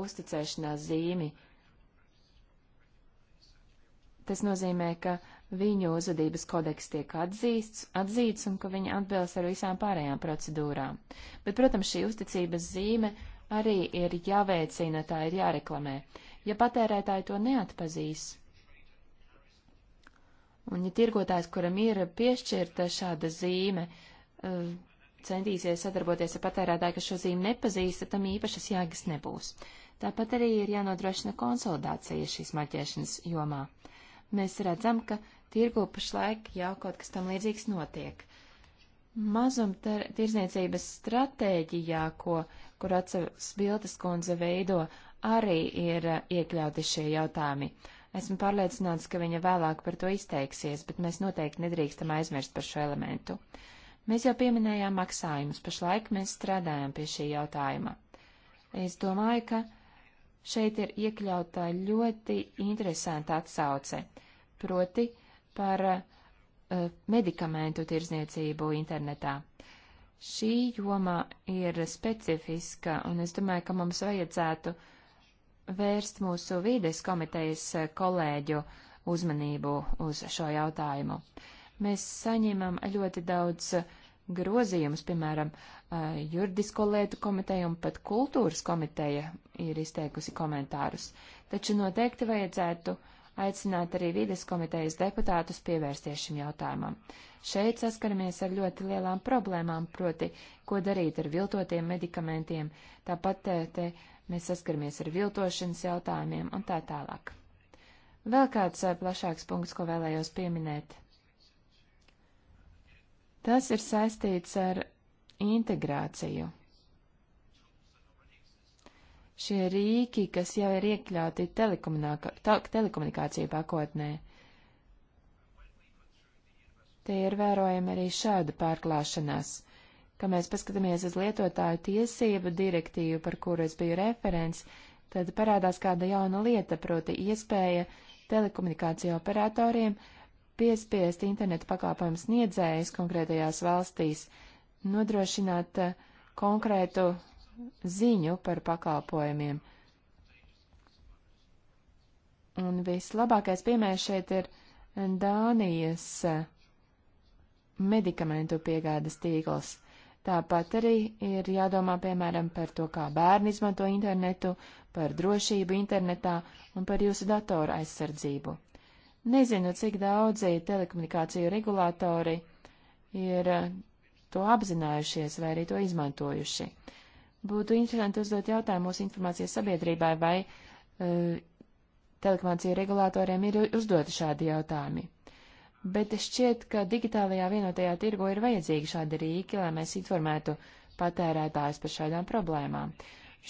uzticēšanās zīmi. Tas nozīmē, ka uh, viņu uzvedības kodeks tiek atzīsts, atzīts un ka viņi atbilst ar visām pārējām procedūrām. Bet, protams, šī uzticības zīme arī ir jāveicina, tā ir jāreklamē. Ja patērētāji to neatpazīs, un ja tirgotājs, kuram ir piešķirta šāda zīme, eh, centīsies sadarboties ar patērētāju, kas šo zīmi nepazīst, tad tam īpašas jēgas nebūs. Tāpat arī ir jānodrošina konsolidācija šīs maķēšanas jomā. Mēs redzam, ka Tirgu pašlaik jau kaut kas tam līdzīgs notiek. Mazumtirdzniecības stratēģijā, ko, kur atceras Biltas kundze veido, arī ir eh, iekļauti šie jautājumi. Esmu pārliecināts, ka viņa vēlāk par to izteiksies, bet mēs noteikti nedrīkstam aizmirst par šo elementu. Mēs jau pieminējām maksājumus, pašlaik mēs strādājam pie šī jautājuma. Es domāju, ka šeit ir iekļautā ļoti interesanta atsauce, proti par uh, medikamentu tirzniecību internetā. Šī joma ir specifiska, un es domāju, ka mums vajadzētu vērst mūsu vīdes komitejas eh, kolēģu uzmanību uz šo jautājumu. Mēs saņemam ļoti daudz eh, grozījumus, piemēram, juridisko lietu komiteja un pat kultūras komiteja ir izteikusi komentārus, taču noteikti vajadzētu uh, aicināt arī vides komitejas deputātus pievērsties šim jautājumam. Šeit saskaramies ar ļoti lielām problēmām, proti, ko darīt ar viltotiem medikamentiem, tāpat eh, te mēs saskaramies ar viltošanas jautājumiem un tā tālāk. Vēl kāds eh, plašāks punkts, ko vēlējos pieminēt. Tas ir saistīts ar integrāciju šie rīki, kas jau ir iekļauti telekomunikāciju pakotnē. Tie ir vērojami arī šāda pārklāšanās. Kad mēs paskatāmies uz lietotāju tiesību direktīvu, par kuru es biju referents, tad parādās kāda jauna lieta, proti iespēja telekomunikāciju operatoriem piespiest internetu pakāpojumu sniedzējus konkrētajās valstīs nodrošināt eh, konkrētu ziņu par pakalpojumiem. Un vislabākais piemērs šeit ir Dānijas medikamentu piegādes tīkls. Tāpat arī ir jādomā, piemēram, par to, kā bērni izmanto internetu, par drošību internetā un par jūsu datoru aizsardzību. Nezinu, cik daudzi telekomunikāciju regulātori ir to apzinājušies vai arī to izmantojuši. Būtu interesanti uzdot jautājumu mūsu informācijas sabiedrībai, vai uh, eh, telekomunikāciju regulātoriem ir uzdoti šādi jautājumi. Bet šķiet, ka digitālajā vienotajā tirgo ir vajadzīgi šādi rīki, lai mēs informētu patērētājus par šādām problēmām.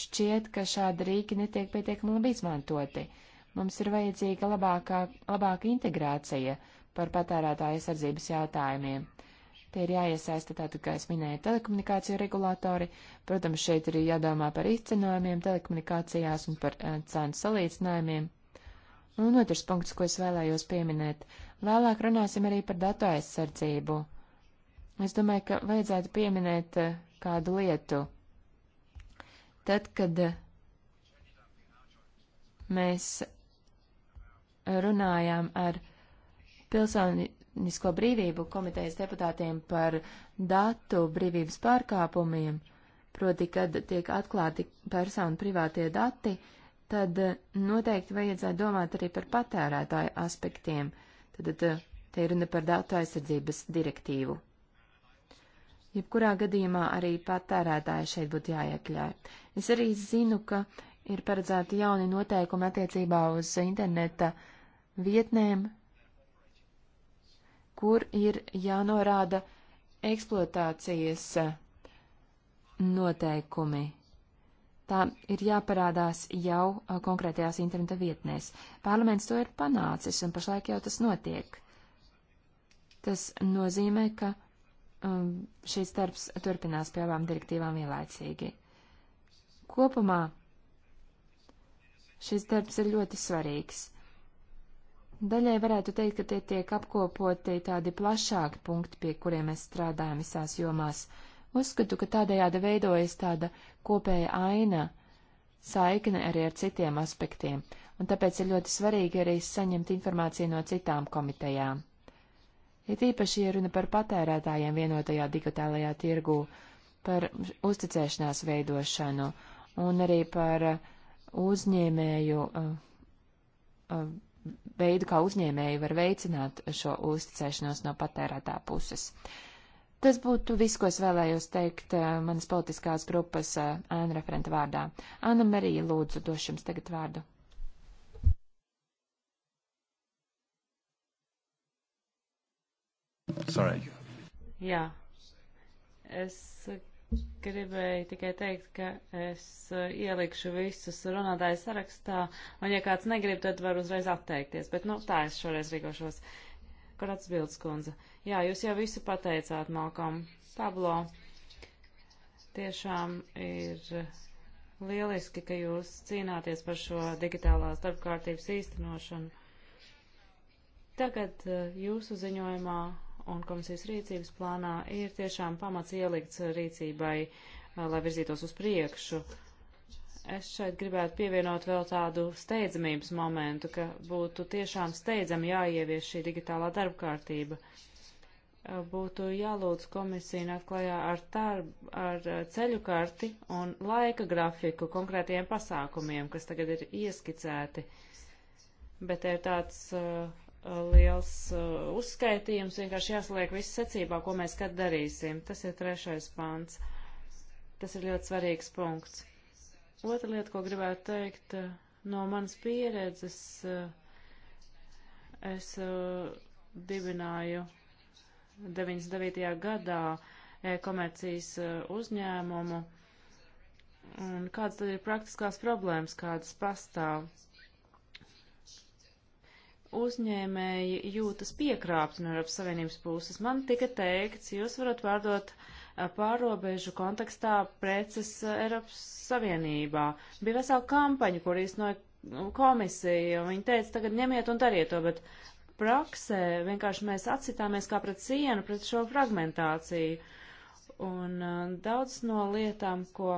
Šķiet, ka šādi rīki netiek pietiekami labi izmantoti. Mums ir vajadzīga labākā, labāka integrācija par patērētāju aizsardzības jautājumiem. Te ir jāiesaista tātad, kā es minēju, telekomunikāciju regulātori. Protams, šeit ir jādomā par izcenojumiem telekomunikācijās un par uh, cenu salīdzinājumiem. Un otrs punkts, ko es vēlējos pieminēt, vēlāk runāsim arī par datu aizsardzību. Es domāju, ka vajadzētu pieminēt uh, kādu lietu. Tad, kad eh, mēs runājām ar pilsoni, pilsonisko brīvību komitejas deputātiem par datu brīvības pārkāpumiem, proti, kad tiek atklāti personu privātie dati, tad eh, noteikti vajadzētu domāt arī par patērētāju aspektiem. Tad, tad eh, te ir runa par datu aizsardzības direktīvu. Jebkurā gadījumā arī patērētāji šeit būtu jāiekļauj. Es arī zinu, ka ir paredzēti jauni noteikumi attiecībā uz interneta vietnēm, kur ir jānorāda eksploatācijas eh, noteikumi. Tā ir jāparādās jau eh, konkrētajās interneta vietnēs. Parlaments to ir panācis, un pašlaik jau tas notiek. Tas nozīmē, ka um, šīs darbs turpinās pie abām direktīvām vienlaicīgi. Kopumā šis darbs ir ļoti svarīgs. Daļai varētu teikt, ka tie tiek apkopoti tādi plašāki punkti, pie kuriem mēs strādājam visās jomās. Uzskatu, ka tādējādi veidojas tāda kopēja aina, saikne arī ar citiem aspektiem, un tāpēc ir ļoti svarīgi arī saņemt informāciju no citām komitejām. Ir ja īpaši, ja runa par patērētājiem vienotajā digitālajā tirgū, par uzticēšanās veidošanu un arī par uzņēmēju uh, uh, veidu, kā uzņēmēji var veicināt šo uzticēšanos no patērētā puses. Tas būtu viss, ko es vēlējos teikt eh, manas politiskās grupas eh, ēna referenta vārdā. Anna Marija, lūdzu, došu jums tagad vārdu. Sorry. Jā. Es Gribēju tikai teikt, ka es eh, ielikšu visus runātāju sarakstā, un ja kāds negrib, tad var uzreiz atteikties, bet nu tā es šoreiz rīkošos. Korats Bildes kundze. Jā, jūs jau visu pateicāt, Malkom. Pablo, tiešām ir lieliski, ka jūs cīnāties par šo digitālās darbkārtības īstenošanu. Tagad eh, jūsu ziņojumā un komisijas rīcības plānā ir tiešām pamats ielikts rīcībai, uh, lai virzītos uz priekšu. Es šeit gribētu pievienot vēl tādu steidzamības momentu, ka būtu tiešām steidzami jāievies šī digitālā darba kārtība. Uh, būtu jālūdz komisija nāk klajā ar, tarb, ar uh, ceļu karti un laika grafiku konkrētiem pasākumiem, kas tagad ir ieskicēti. Bet ir tāds uh, liels uh, uzskaitījums, vienkārši jāsaliek viss secībā, ko mēs kad darīsim. Tas ir trešais pāns. Tas ir ļoti svarīgs punkts. Otra lieta, ko gribētu teikt, uh, no manas pieredzes, uh, es dibināju 99. gadā e-komercijas uzņēmumu. Un kādas tad ir praktiskās problēmas, kādas pastāv? uzņēmēji jūtas piekrāpti no Eiropas Savienības puses. Man tika teikts, jūs varat pārdot pārobežu kontekstā preces Eiropas Savienībā. Bija vesela kampaņa, kur īstenoja nu, komisija, un viņi teica, tagad ņemiet un dariet to, bet praksē vienkārši mēs atsitāmies kā pret sienu, pret šo fragmentāciju. Un uh, daudz no lietām, ko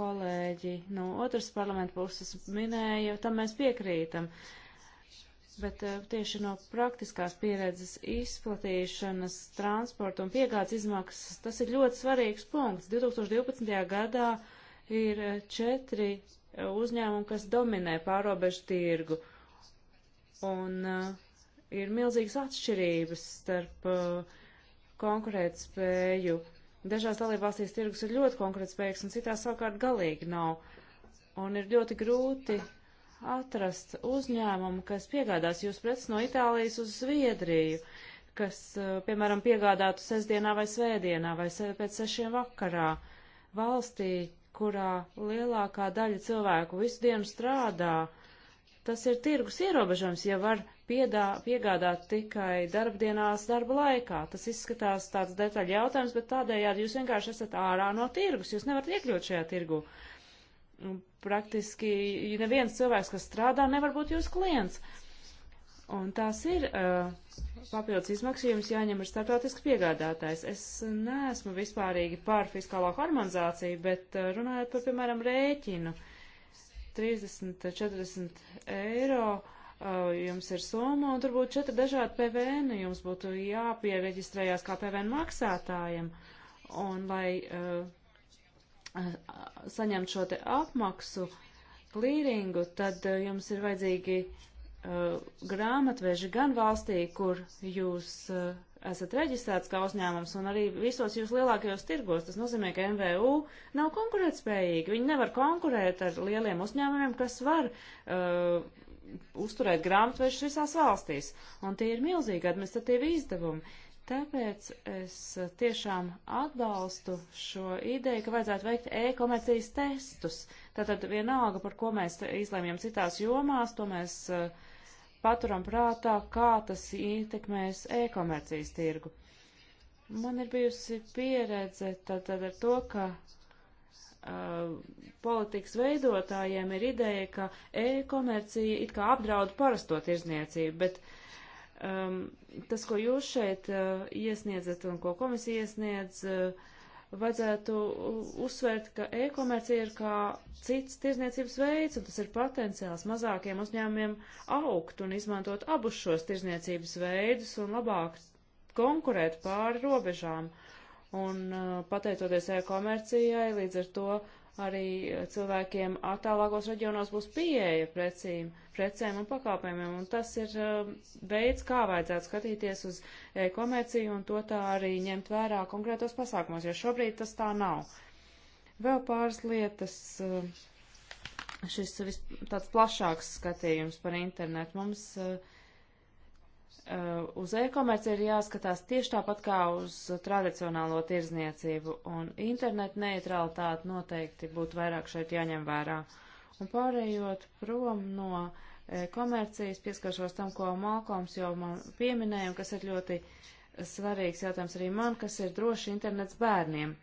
kolēģi no nu, otras parlamenta puses minēja, tam mēs piekrītam. Uh, bet eh, tieši no praktiskās pieredzes izplatīšanas, transporta un piegādes izmaksas, tas ir ļoti svarīgs punkts. 2012. gadā ir eh, četri eh, uzņēmumi, kas dominē pārobežu tirgu, un uh, ir milzīgas atšķirības starp uh, konkurēt spēju. Dažās dalībvalstīs tirgus ir ļoti konkurēt spējas, un citās savukārt galīgi nav. Un ir ļoti grūti atrast uzņēmumu, kas piegādās jūs preces no Itālijas uz Zviedriju, kas, eh, piemēram, piegādātu sestdienā vai svētdienā vai pēc sešiem vakarā valstī, kurā lielākā daļa cilvēku visu dienu strādā. Tas ir tirgus ierobežojums, ja var piedā, piegādāt tikai darbdienās darba laikā. Tas izskatās tāds detaļa jautājums, bet tādējādi jūs vienkārši esat ārā no tirgus, jūs nevarat iekļūt šajā tirgu praktiski neviens cilvēks, kas strādā, nevar būt jūsu klients. Un tās ir uh, papildus izmaksas, jums jāņem ir starptautisks piegādātājs. Es neesmu vispārīgi pār fiskālo harmonizāciju, bet uh, runājot par, piemēram, rēķinu, 30-40 eiro uh, jums ir summa, un tur būtu četri dažādi PVN, jums būtu jāpiereģistrējās kā PVN maksātājiem. Un, lai uh, saņemt šo te apmaksu klīringu, tad uh, jums ir vajadzīgi uh, grāmatveži gan valstī, kur jūs uh, esat reģistrēts kā uzņēmums, un arī visos jūs lielākajos tirgos. Tas nozīmē, ka MVU nav konkurētspējīgi. Viņi nevar konkurēt ar lieliem uzņēmumiem, kas var uh, uzturēt grāmatvežus visās valstīs. Un tie ir milzīgi administratīvi izdevumi. Tāpēc es tiešām atbalstu šo ideju, ka vajadzētu veikt e-komercijas testus. Tātad vienalga, par ko mēs izlēmjam citās jomās, to mēs uh, paturam prātā, kā tas ietekmēs e-komercijas tirgu. Man ir bijusi pieredze tātad ar to, ka uh, politikas veidotājiem ir ideja, ka e-komercija it kā apdraud parasto tirzniecību, bet um, tas, ko jūs šeit uh, iesniedzat un ko komisija iesniedz, uh, vajadzētu uzsvērt, ka e-komercija ir kā cits tirzniecības veids, un tas ir potenciāls mazākiem uzņēmumiem augt un izmantot abus šos tirzniecības veidus un labāk konkurēt pāri robežām. Un uh, pateicoties e-komercijai, līdz ar to arī cilvēkiem attālākos reģionos būs pieeja precīm, precēm un pakāpējumiem, un tas ir um, veids, kā vajadzētu skatīties uz e-komerciju un to tā arī ņemt vērā konkrētos pasākumos, jo šobrīd tas tā nav. Vēl pāris lietas, um, šis vis, tāds plašāks skatījums par internetu. Mums uh, Uh, uz e-komerci ir jāskatās tieši tāpat kā uz tradicionālo tirzniecību, un internetu neutralitāte noteikti būtu vairāk šeit jāņem vērā. Un pārējot prom no e komercijas, pieskaršos tam, ko Malkoms jau man pieminēja, un kas ir ļoti svarīgs jautājums arī man, kas ir droši internets bērniem.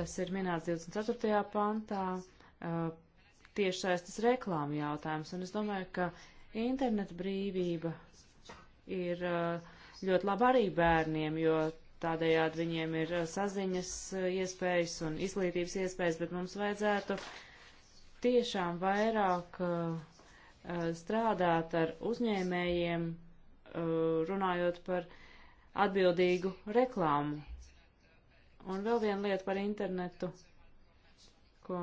Tas ir minēts 24. pantā, e, eh, tiešsaistes reklāmu jautājums, un es domāju, ka interneta brīvība ir eh, ļoti laba arī bērniem, jo tādējādi viņiem ir eh, saziņas eh, iespējas un izglītības iespējas, bet mums vajadzētu tiešām vairāk strādāt ar uzņēmējiem, runājot par atbildīgu reklāmu. Un vēl viena lieta par internetu, ko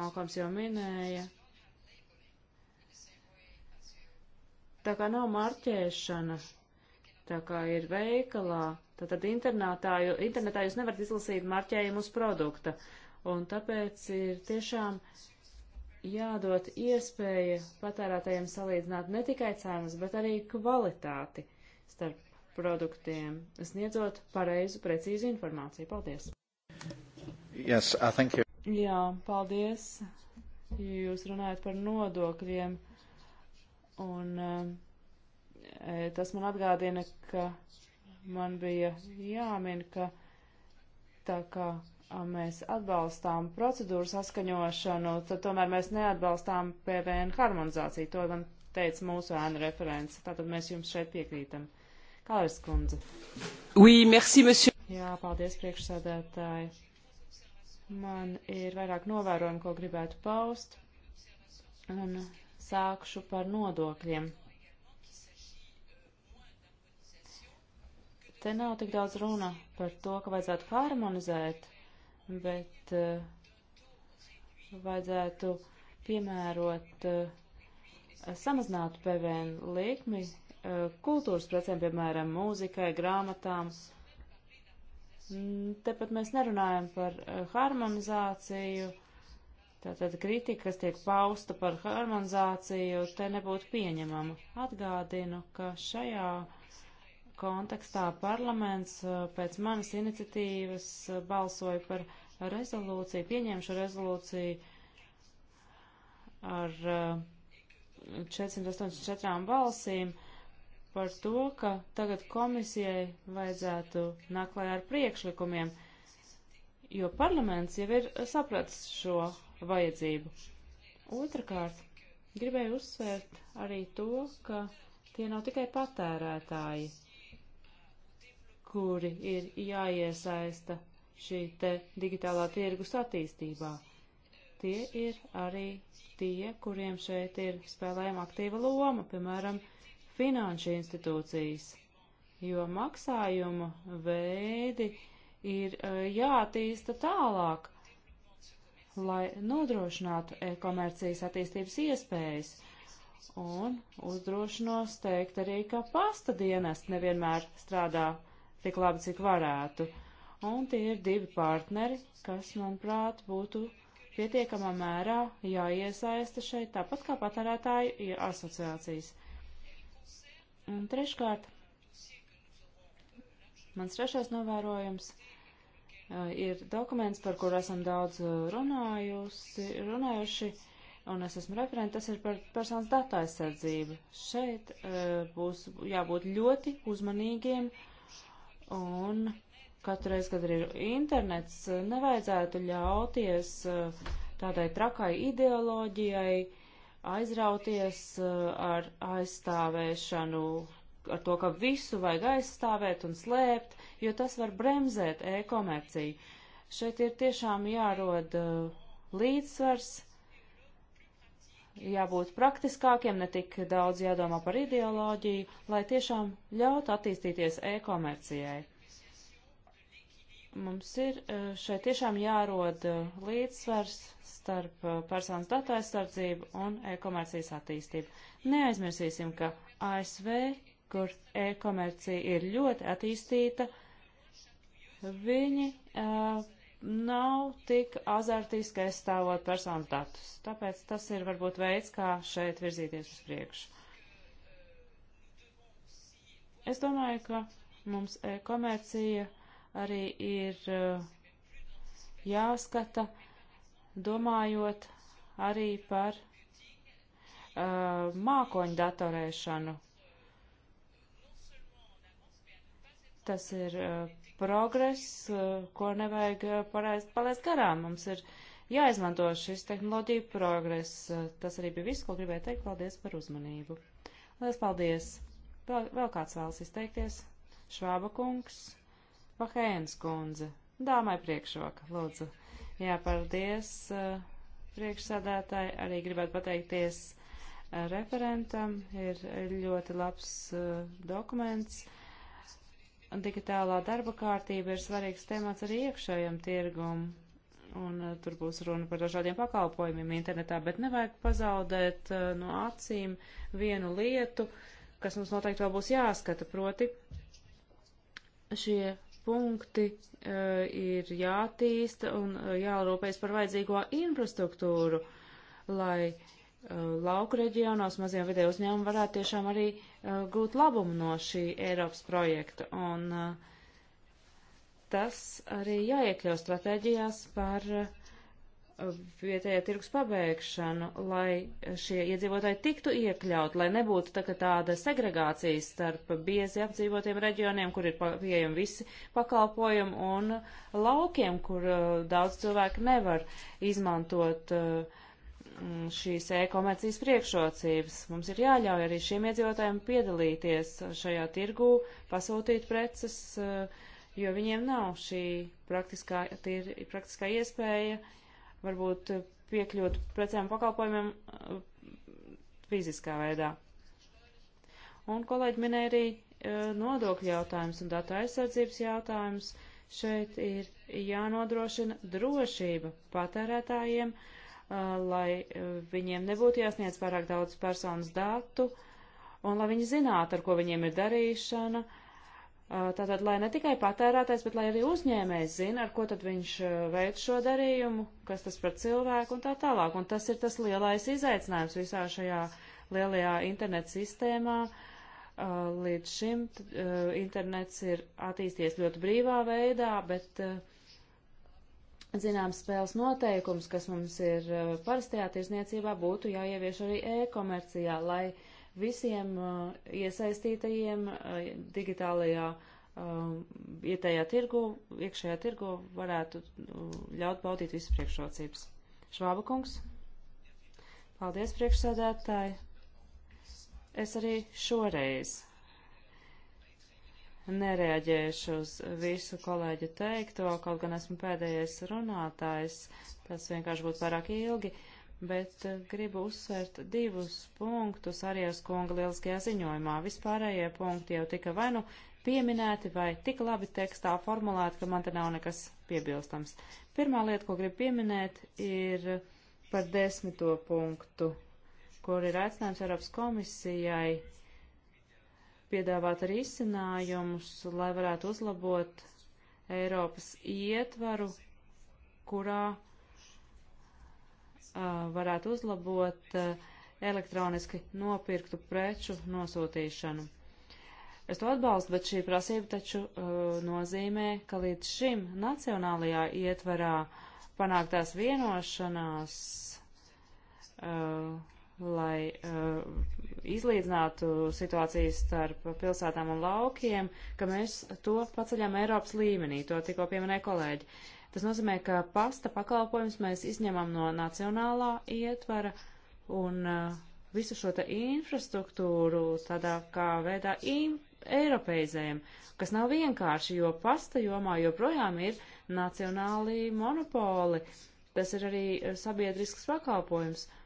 Malkams jau minēja, tā kā nav marķēšana, tā kā ir veikalā, tad, tad internetā, internetā jūs nevarat izlasīt marķējumu uz produkta. Un tāpēc ir tiešām jādod iespēja patērētājiem salīdzināt ne tikai cenas, bet arī kvalitāti starp produktiem, sniedzot pareizu, precīzu informāciju. Paldies! Yes, uh, thank you. Jā, paldies. Jūs runājat par nodokļiem. Un eh, eh, tas man atgādina, ka man bija jāmin, ka tā kā mēs atbalstām procedūru saskaņošanu, tad tomēr mēs neatbalstām PVN harmonizāciju. To man teica mūsu ēna referents. Tātad mēs jums šeit piekrītam. Kāras kundze. Oui, merci, monsieur. Jā, paldies, priekšsēdētāji. Man ir vairāk novērojumu, ko gribētu paust. Un Sākšu par nodokļiem. Te nav tik daudz runa par to, ka vajadzētu harmonizēt, bet uh, vajadzētu piemērot uh, eh, samazinātu PVN likmi uh, kultūras precēm, piemēram, mūzikai, grāmatām. Tepat mēs nerunājam par harmonizāciju, Tātad kritika, kas tiek pausta par harmonizāciju, te nebūtu pieņemama. Atgādinu, ka šajā kontekstā parlaments uh, pēc manas iniciatīvas uh, balsoja par rezolūciju, pieņemšu rezolūciju ar 484 uh, balsīm par to, ka tagad komisijai vajadzētu naklē ar priekšlikumiem jo parlaments jau ir sapratis šo vajadzību. Otrakārt, gribēju uzsvērt arī to, ka tie nav tikai patērētāji, kuri ir jāiesaista šī te digitālā tirgus attīstībā. Tie ir arī tie, kuriem šeit ir spēlējama aktīva loma, piemēram, finanšu institūcijas, jo maksājumu veidi uh, ir e, jātīsta tālāk, lai nodrošinātu e-komercijas attīstības iespējas. Un uzdrošinos teikt arī, ka pasta dienest nevienmēr strādā tik labi, cik varētu. Un tie ir divi partneri, kas, manuprāt, būtu pietiekamā mērā jāiesaista šeit, tāpat kā patērētāju asociācijas. Un treškārt, mans trešais novērojums Eh, ir dokuments, par kur esam daudz eh, runājusi, runājuši, un es esmu referenti, tas ir par personas datu aizsardzību. Šeit eh, būs jābūt ļoti uzmanīgiem, un katru reizi, kad ir internets, nevajadzētu ļauties tādai trakai ideoloģijai aizrauties ar aizstāvēšanu, ar to, ka visu vajag aizstāvēt un slēpt, jo tas var bremzēt e-komerciju. Šeit ir tiešām jārod uh, līdzsvars, jābūt praktiskākiem, ne tik daudz jādomā par ideoloģiju, lai tiešām ļautu attīstīties e-komercijai. Mums ir uh, šeit tiešām jārod uh, līdzsvars starp uh, personas datu aizsardzību un e-komercijas attīstību. Neaizmirsīsim, ka ASV, kur e-komercija ir ļoti attīstīta, Viņi uh, nav tik azartiski aizstāvot personas datus, tāpēc tas ir varbūt veids, kā šeit virzīties uz priekšu. Es domāju, ka mums e komercija arī ir uh, jāskata, domājot arī par uh, mākoņu datorēšanu. Tas ir uh, progress, eh, ko nevajag eh, palaist, palaist garām. Mums ir jāizmanto šis tehnoloģija progress. Eh, tas arī bija viss, ko gribēju teikt. Paldies par uzmanību. Lielas paldies! Vēl, vēl kāds vēlas izteikties? Švāba kungs, Pahēns kundze, dāmai priekšroka, lūdzu. Jā, paldies priekšsādātāji. Arī gribētu pateikties referentam. Ir ļoti labs dokuments digitālā darba kārtība ir svarīgs temats arī iekšējam tirgum, un uh, tur būs runa par dažādiem pakalpojumiem internetā, bet nevajag pazaudēt uh, no acīm vienu lietu, kas mums noteikti vēl būs jāskata, proti šie punkti uh, ir jātīsta un uh, jālūpējas par vajadzīgo infrastruktūru, lai uh, Eh, lauku reģionos mazie vidē uzņēmumi varētu tiešām arī uh, gūt labumu no šī Eiropas projekta. Un uh, tas arī jāiekļau stratēģijās par uh, vietējā tirgus pabeigšanu, lai šie iedzīvotāji tiktu iekļaut, lai nebūtu tā, tāda segregācija starp biezi apdzīvotiem reģioniem, kur ir pieejami visi pakalpojumi, un laukiem, kur daudz cilvēku nevar izmantot uh, Mm, šīs e-komercijas priekšrocības. Mums ir jāļauj arī šiem iedzīvotājiem piedalīties šajā tirgū, pasūtīt preces, eh, jo viņiem nav šī praktiskā, tīr, praktiskā iespēja varbūt piekļūt precēm pakalpojumiem eh, fiziskā veidā. Un kolēģi minēja arī eh, nodokļu jautājums un datu aizsardzības jautājums. Šeit ir jānodrošina drošība patērētājiem. Uh, Uh, lai uh, viņiem nebūtu jāsniedz pārāk daudz personas datu un lai viņi zinātu, ar ko viņiem ir darīšana. Uh, tātad, lai ne tikai patērētājs, bet lai arī uzņēmējs zina, ar ko tad viņš veic šo darījumu, kas tas par cilvēku un tā tālāk. Un tas ir tas lielais izaicinājums visā šajā lielajā internet sistēmā. Līdz šim internets ir attīstījies ļoti brīvā veidā, bet uh, zināms spēles noteikums, kas mums ir uh, parastajā tirzniecībā, būtu jāievieš arī e-komercijā, lai visiem uh, iesaistītajiem uh, digitālajā vietējā tirgu, iekšējā tirgu varētu ļaut baudīt visas priekšrocības. Švāba kungs, paldies priekšsēdētāji. Es arī šoreiz nereaģēšu uz visu kolēģu teikto, kaut gan esmu pēdējais runātājs, tas vienkārši būtu pārāk ilgi, bet eh, gribu uzsvērt divus punktus arī uz kunga lieliskajā ziņojumā. Vispārējie punkti jau tika vai nu pieminēti, vai tik labi tekstā formulēti, ka man te nav nekas piebilstams. Pirmā lieta, ko gribu pieminēt, ir par desmito punktu, kur ir aicinājums Eiropas komisijai piedāvāt risinājumus, lai varētu uzlabot Eiropas ietvaru, kurā uh, varētu uzlabot uh, elektroniski nopirktu preču nosūtīšanu. Es to atbalstu, bet šī prasība taču uh, nozīmē, ka līdz šim nacionālajā ietvarā panāktās vienošanās uh, lai uh, izlīdzinātu situācijas starp pilsētām un laukiem, ka mēs to paceļam Eiropas līmenī, to tikko pieminēja kolēģi. Tas nozīmē, ka pasta pakalpojums mēs izņemam no nacionālā ietvara un uh, visu šo te infrastruktūru tādā kā veidā eiropeizējam, kas nav vienkārši, jo pasta jomā joprojām ir nacionāli monopoli. Tas ir arī sabiedrisks pakalpojums. Uh,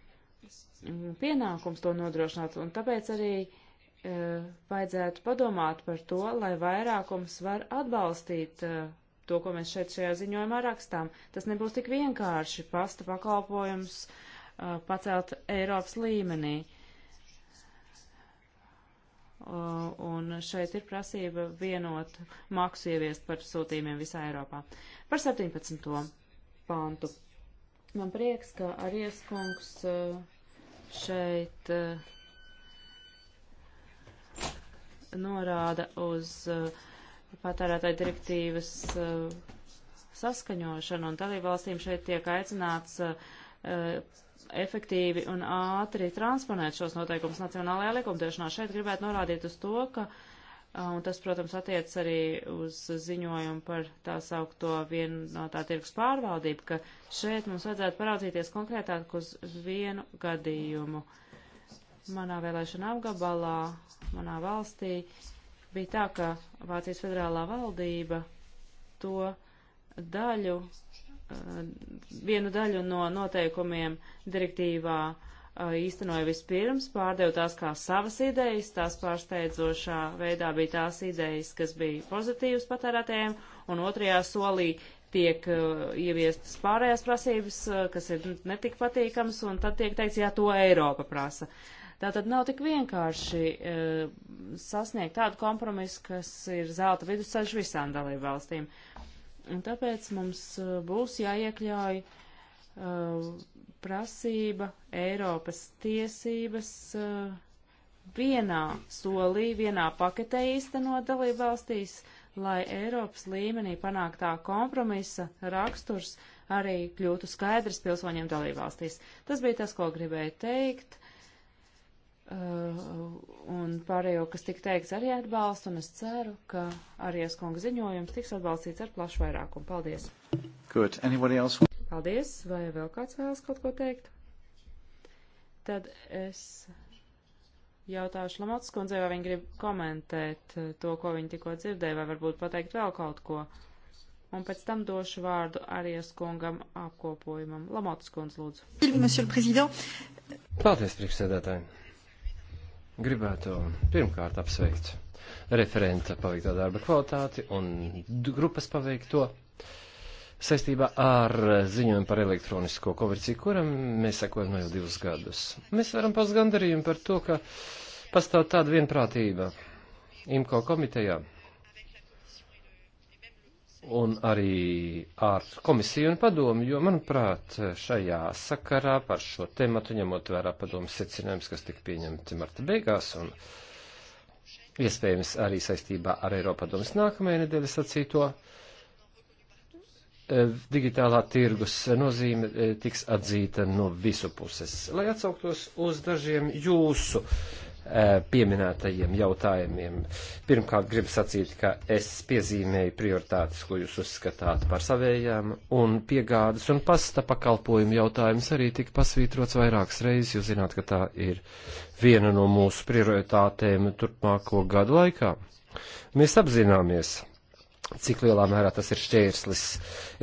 Mm, pienākums to nodrošināt, un tāpēc arī e, vajadzētu padomāt par to, lai vairākums var atbalstīt e, to, ko mēs šeit šajā ziņojumā rakstām. Tas nebūs tik vienkārši pasta pakalpojums e, pacelt Eiropas līmenī. Un šeit ir prasība vienot maksu ieviest par sūtījumiem visā Eiropā. Par 17. pantu. Man prieks, ka Arieskungs uh, šeit uh, norāda uz uh, patērētāju direktīvas uh, saskaņošanu, un dalībvalstīm šeit tiek aicināts efektīvi un ātri transponēt šos noteikumus nacionālajā likumdošanā. Šeit gribētu norādīt uz to, ka uh, Uh, un tas, protams, attiec arī uz ziņojumu par tā saukto vienotā no tirgus pārvaldību, ka šeit mums vajadzētu paraudzīties konkrētāk uz vienu gadījumu. Manā vēlēšana apgabalā, manā valstī bija tā, ka Vācijas federālā valdība to daļu, uh, vienu daļu no noteikumiem direktīvā Uh, īstenoja vispirms, pārdeva tās kā savas idejas, tās pārsteidzošā veidā bija tās idejas, kas bija pozitīvas patērētējiem, un otrajā solī tiek uh, ieviestas pārējās prasības, uh, kas ir netik patīkams, un tad tiek teikts, jā, to Eiropa prasa. Tā tad nav tik vienkārši uh, sasniegt tādu kompromisu, kas ir zelta vidusceļš visām dalību valstīm. Un tāpēc mums uh, būs jāiekļauj uh, prasība Eiropas tiesības uh, vienā solī, vienā paketē īstenot dalību valstīs, lai Eiropas līmenī panāktā kompromisa raksturs arī kļūtu skaidrs pilsoņiem dalību valstīs. Tas bija tas, ko gribēju teikt. Uh, un pārējo, kas tika teikts, arī atbalstu, un es ceru, ka arī es kunga ziņojums tiks atbalstīts ar plašu vairākumu. Paldies! Good. Anybody else? Paldies, vai vēl kāds vēlas kaut ko teikt? Tad es jautāšu Lamotas kundzei, vai viņa grib komentēt eh, to, ko viņa tikko dzirdēja, vai varbūt pateikt vēl kaut ko. Un pēc tam došu vārdu Arijas kungam apkopojumam. Lamotas kundze, lūdzu. Paldies, priekšsēdētāji. Gribētu pirmkārt apsveikt referenta paveikto darba kvalitāti un grupas paveikto. Uh, saistībā ar ziņojumu par elektronisko komerciju, kuram mēs sekojam jau divus gadus. Mēs varam paust gandarījumu par to, ka pastāv tāda vienprātība IMCO komitejā un arī ar komisiju un padomu, jo, manuprāt, šajā sakarā par šo tematu, ņemot vērā padomu secinājums, kas tika pieņemti marta beigās un iespējams arī saistībā ar Eiropadomas nākamajā nedēļas sacīto, uh, Eh, digitālā tirgus nozīme eh, tiks atzīta no visu puses. Lai atsauktos uz dažiem jūsu eh, pieminētajiem jautājumiem. Pirmkārt, gribu sacīt, ka es piezīmēju prioritātes, ko jūs uzskatāt par savējām, un piegādes un pasta pakalpojumu jautājums arī tika pasvītrots vairākas reizes. Jūs zināt, ka tā ir viena no mūsu prioritātēm turpmāko gadu laikā. Mēs apzināmies, cik lielā mērā tas ir šķērslis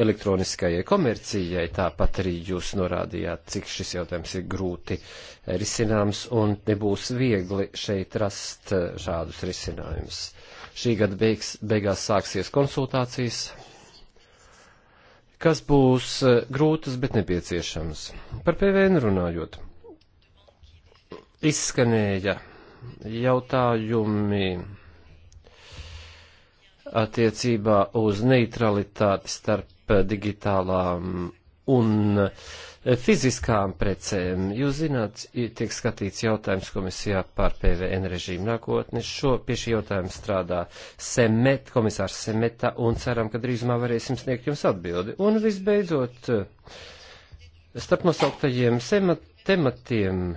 elektroniskajai komercijai. Tāpat arī jūs norādījāt, cik šis jautājums ir grūti risināms un nebūs viegli šeit rast eh, šādus risinājumus. Šī gada beigs, beigās sāksies konsultācijas, kas būs eh, grūtas, bet nepieciešamas. Par PVN runājot, izskanēja jautājumi attiecībā uz neutralitāti starp digitālām un fiziskām precēm. Jūs zināt, tiek skatīts jautājums komisijā par PVN režīmu nākotni. Šo pie šī jautājuma strādā Semet, komisārs Semeta, un ceram, ka drīzumā varēsim sniegt jums atbildi. Un visbeidzot, starp nosauktajiem semat, tematiem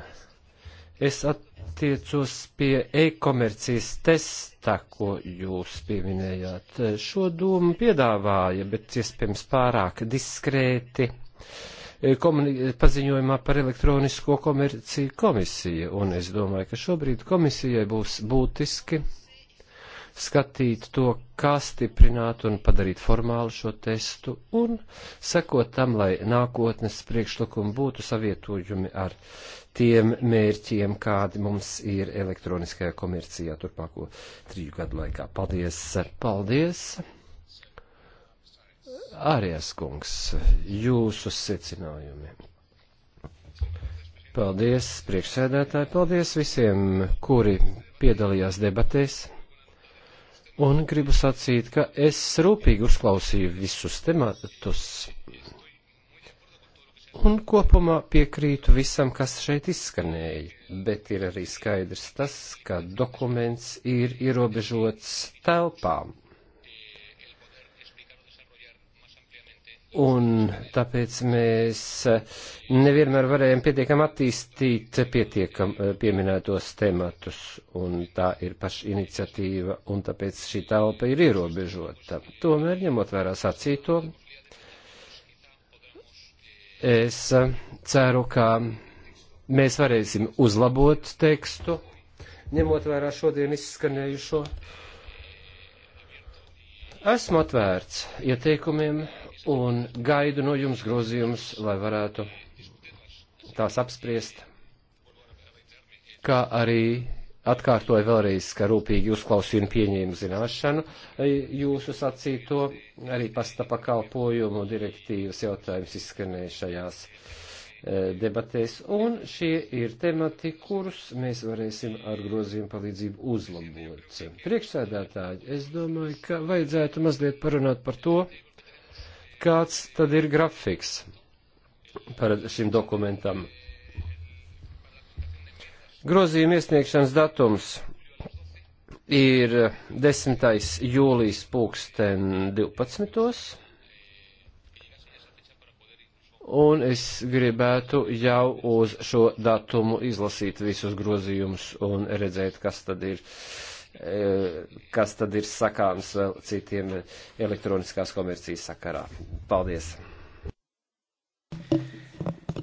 Es attiecos pie e-komercijas testa, ko jūs pieminējāt. Šo domu piedāvāja, bet iespējams pārāk diskrēti e, paziņojumā par elektronisko komerciju komisija, un es domāju, ka šobrīd komisijai būs būtiski skatīt to, kā stiprināt un padarīt formālu šo testu, un sekot tam, lai nākotnes priekšlikumi būtu savietojumi ar tiem mērķiem, kādi mums ir elektroniskajā komercijā turpāko triju gadu laikā. Paldies! Paldies! Ārijas kungs, jūsu secinājumi. Paldies, priekšsēdētāji, paldies visiem, kuri piedalījās debatēs. Un gribu sacīt, ka es rūpīgi uzklausīju visus tematus Un kopumā piekrītu visam, kas šeit izskanēja, bet ir arī skaidrs tas, ka dokuments ir ierobežots telpām. Un tāpēc mēs nevienmēr varējām pietiekam attīstīt pietiekam eh, pieminētos tematus, un tā ir paša iniciatīva, un tāpēc šī telpa ir ierobežota. Tomēr, ņemot vērā sacīto, Es eh, ceru, ka mēs varēsim uzlabot tekstu, ņemot vērā šodien izskanējušo. Esmu atvērts ieteikumiem un gaidu no jums grozījumus, lai varētu tās apspriest, kā arī atkārtoju vēlreiz, ka rūpīgi uzklausīju un pieņēmu zināšanu e, jūsu sacīto, arī pasta pakalpojumu direktīvas jautājums izskanēja šajās e, debatēs, un šie ir temati, kurus mēs varēsim ar grozījumu palīdzību uzlabot. Priekšsēdētāji, es domāju, ka vajadzētu mazliet parunāt par to, kāds tad ir grafiks par šim dokumentam. Grozījuma iesniegšanas datums ir 10. jūlijas pulksten 12. Un es gribētu jau uz šo datumu izlasīt visus grozījumus un redzēt, kas tad ir e, kas tad ir sakāms vēl citiem elektroniskās komercijas sakarā. Paldies!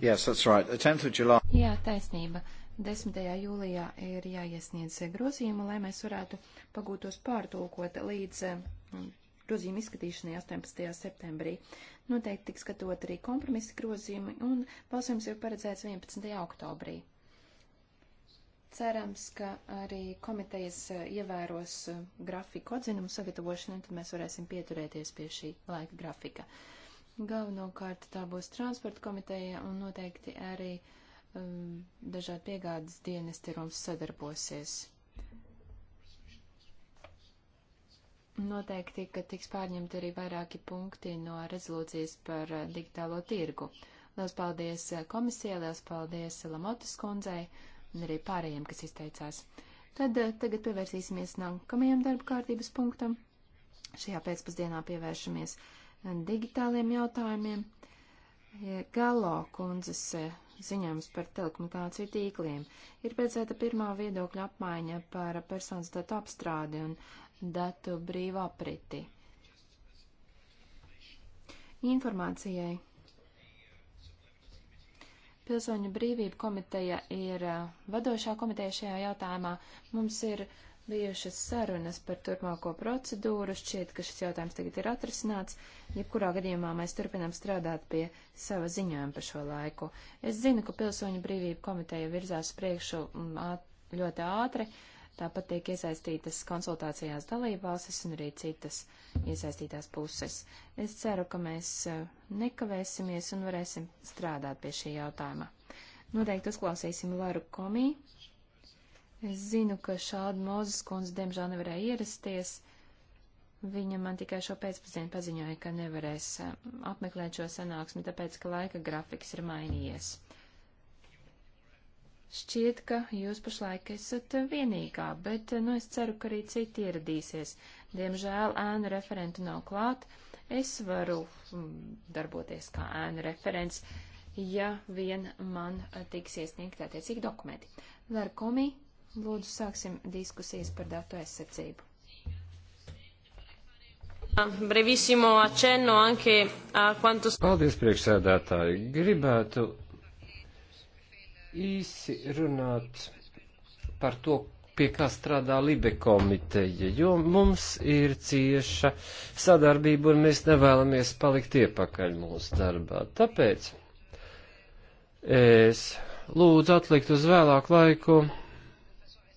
Yes, that's right. The 10th of July. Jā, taisnība. 10. jūlijā ir jāiesniedz grozījumi, lai mēs varētu pagūtos pārtulkot līdz mm, grozījuma izskatīšanai 18. septembrī. Noteikti tiks skatot arī kompromisa grozījumi, un balsojums ir paredzēts 11. oktobrī. Cerams, ka arī komitejas eh, ievēros eh, grafiku atzinumu sagatavošanu, tad mēs varēsim pieturēties pie šī laika grafika. Galvenokārt tā būs transporta komiteja un noteikti arī uh, um, dažādi piegādes dienesti ar mums sadarbosies. Noteikti, ka tiks pārņemti arī vairāki punkti no rezolūcijas par uh, digitālo tirgu. Lielas paldies uh, komisijai, lielas paldies uh, Lamotas kundzei un arī pārējiem, kas izteicās. Tad tagad pievērsīsimies nākamajam darba kārtības punktam. Šajā pēcpusdienā pievēršamies digitāliem jautājumiem. Galo kundzes ziņojums par telekomunikāciju tīkliem. Ir paredzēta pirmā viedokļa apmaiņa par personas datu apstrādi un datu brīvu apriti. Informācijai. Pilsoņu brīvību komiteja ir eh, vadošā komiteja šajā jautājumā. Mums ir uh, bijušas sarunas par turpmāko procedūru. Šķiet, ka šis jautājums tagad ir atrisināts. Jebkurā gadījumā mēs turpinām strādāt pie sava ziņojuma par šo laiku. Es zinu, ka Pilsoņu brīvību komiteja virzās priekšu mm, ļoti ātri. Tāpat tiek iesaistītas konsultācijās dalībvalstis un arī citas iesaistītās puses. Es ceru, ka mēs e, nekavēsimies un varēsim strādāt pie šī jautājuma. Noteikti uzklausīsim Laru Komiju Es zinu, ka šāda Mozes kundze diemžēl nevarēja ierasties. Viņa man tikai šo pēcpazienu paziņoja, ka nevarēs eh, apmeklēt šo sanāksmi, tāpēc, ka laika grafiks ir mainījies. Šķiet, ka jūs pašlaik esat vienīgā, bet, eh, nu, es ceru, ka arī citi ieradīsies. Diemžēl ēnu referentu nav klāt. Es varu mm, darboties kā ēnu referents, ja vien man eh, tiks iesniegt attiecīgi dokumenti. Lerkomi, Lūdzu, sāksim diskusijas par datu aizsardzību. Ah, brevissimo accenno anche a quanto... Paldies, priekšsēdētāji. Gribētu īsi runāt par to, pie kā strādā Libe komiteja, jo mums ir cieša sadarbība un mēs nevēlamies palikt iepakaļ mūsu darbā. Tāpēc es lūdzu atlikt uz vēlāku laiku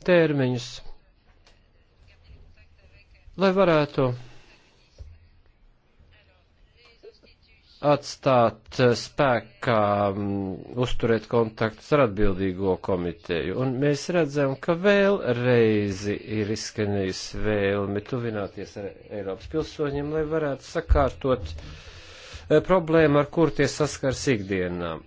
termiņus, lai varētu atstāt spēkā, um, uzturēt kontaktus ar atbildīgo komiteju. Un mēs redzam, ka vēl reizi ir izskanējusi vēlme tuvināties ar Eiropas pilsoņiem, lai varētu sakārtot uh, problēmu, ar kur tie saskars ikdienām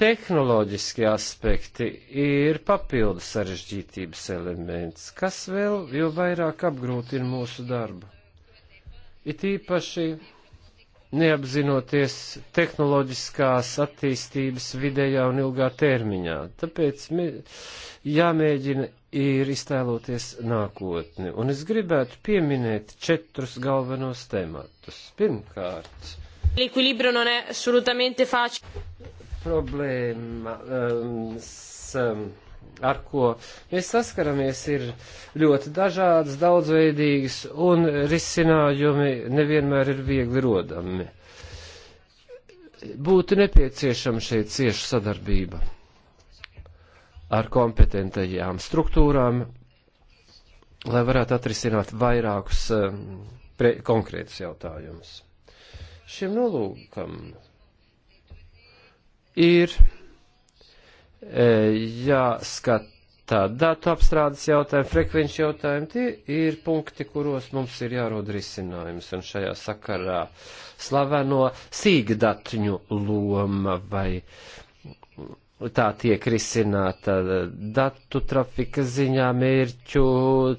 tehnoloģiski aspekti ir papildu sarežģītības elements, kas vēl jau vairāk apgrūtina mūsu darbu. It īpaši neapzinoties tehnoloģiskās attīstības vidējā un ilgā termiņā. Tāpēc jāmēģina ir iztēloties nākotni. Un es gribētu pieminēt četrus galvenos tematus. Pirmkārt, L'equilibrio non è assolutamente facile problēma, um, um, ar ko mēs saskaramies, ir ļoti dažādas, daudzveidīgas, un risinājumi nevienmēr ir viegli rodami. Būtu nepieciešama šeit cieša sadarbība ar kompetentajām struktūrām, lai varētu atrisināt vairākus um, pre, konkrētus jautājumus. Šim nolūkam ir e, jāskatā datu apstrādes jautājumi, frekvenču jautājumi. Tie ir punkti, kuros mums ir jārod risinājums. Un šajā sakarā slaveno sīkdatņu loma vai tā tiek risināta datu trafika ziņā, mērķu,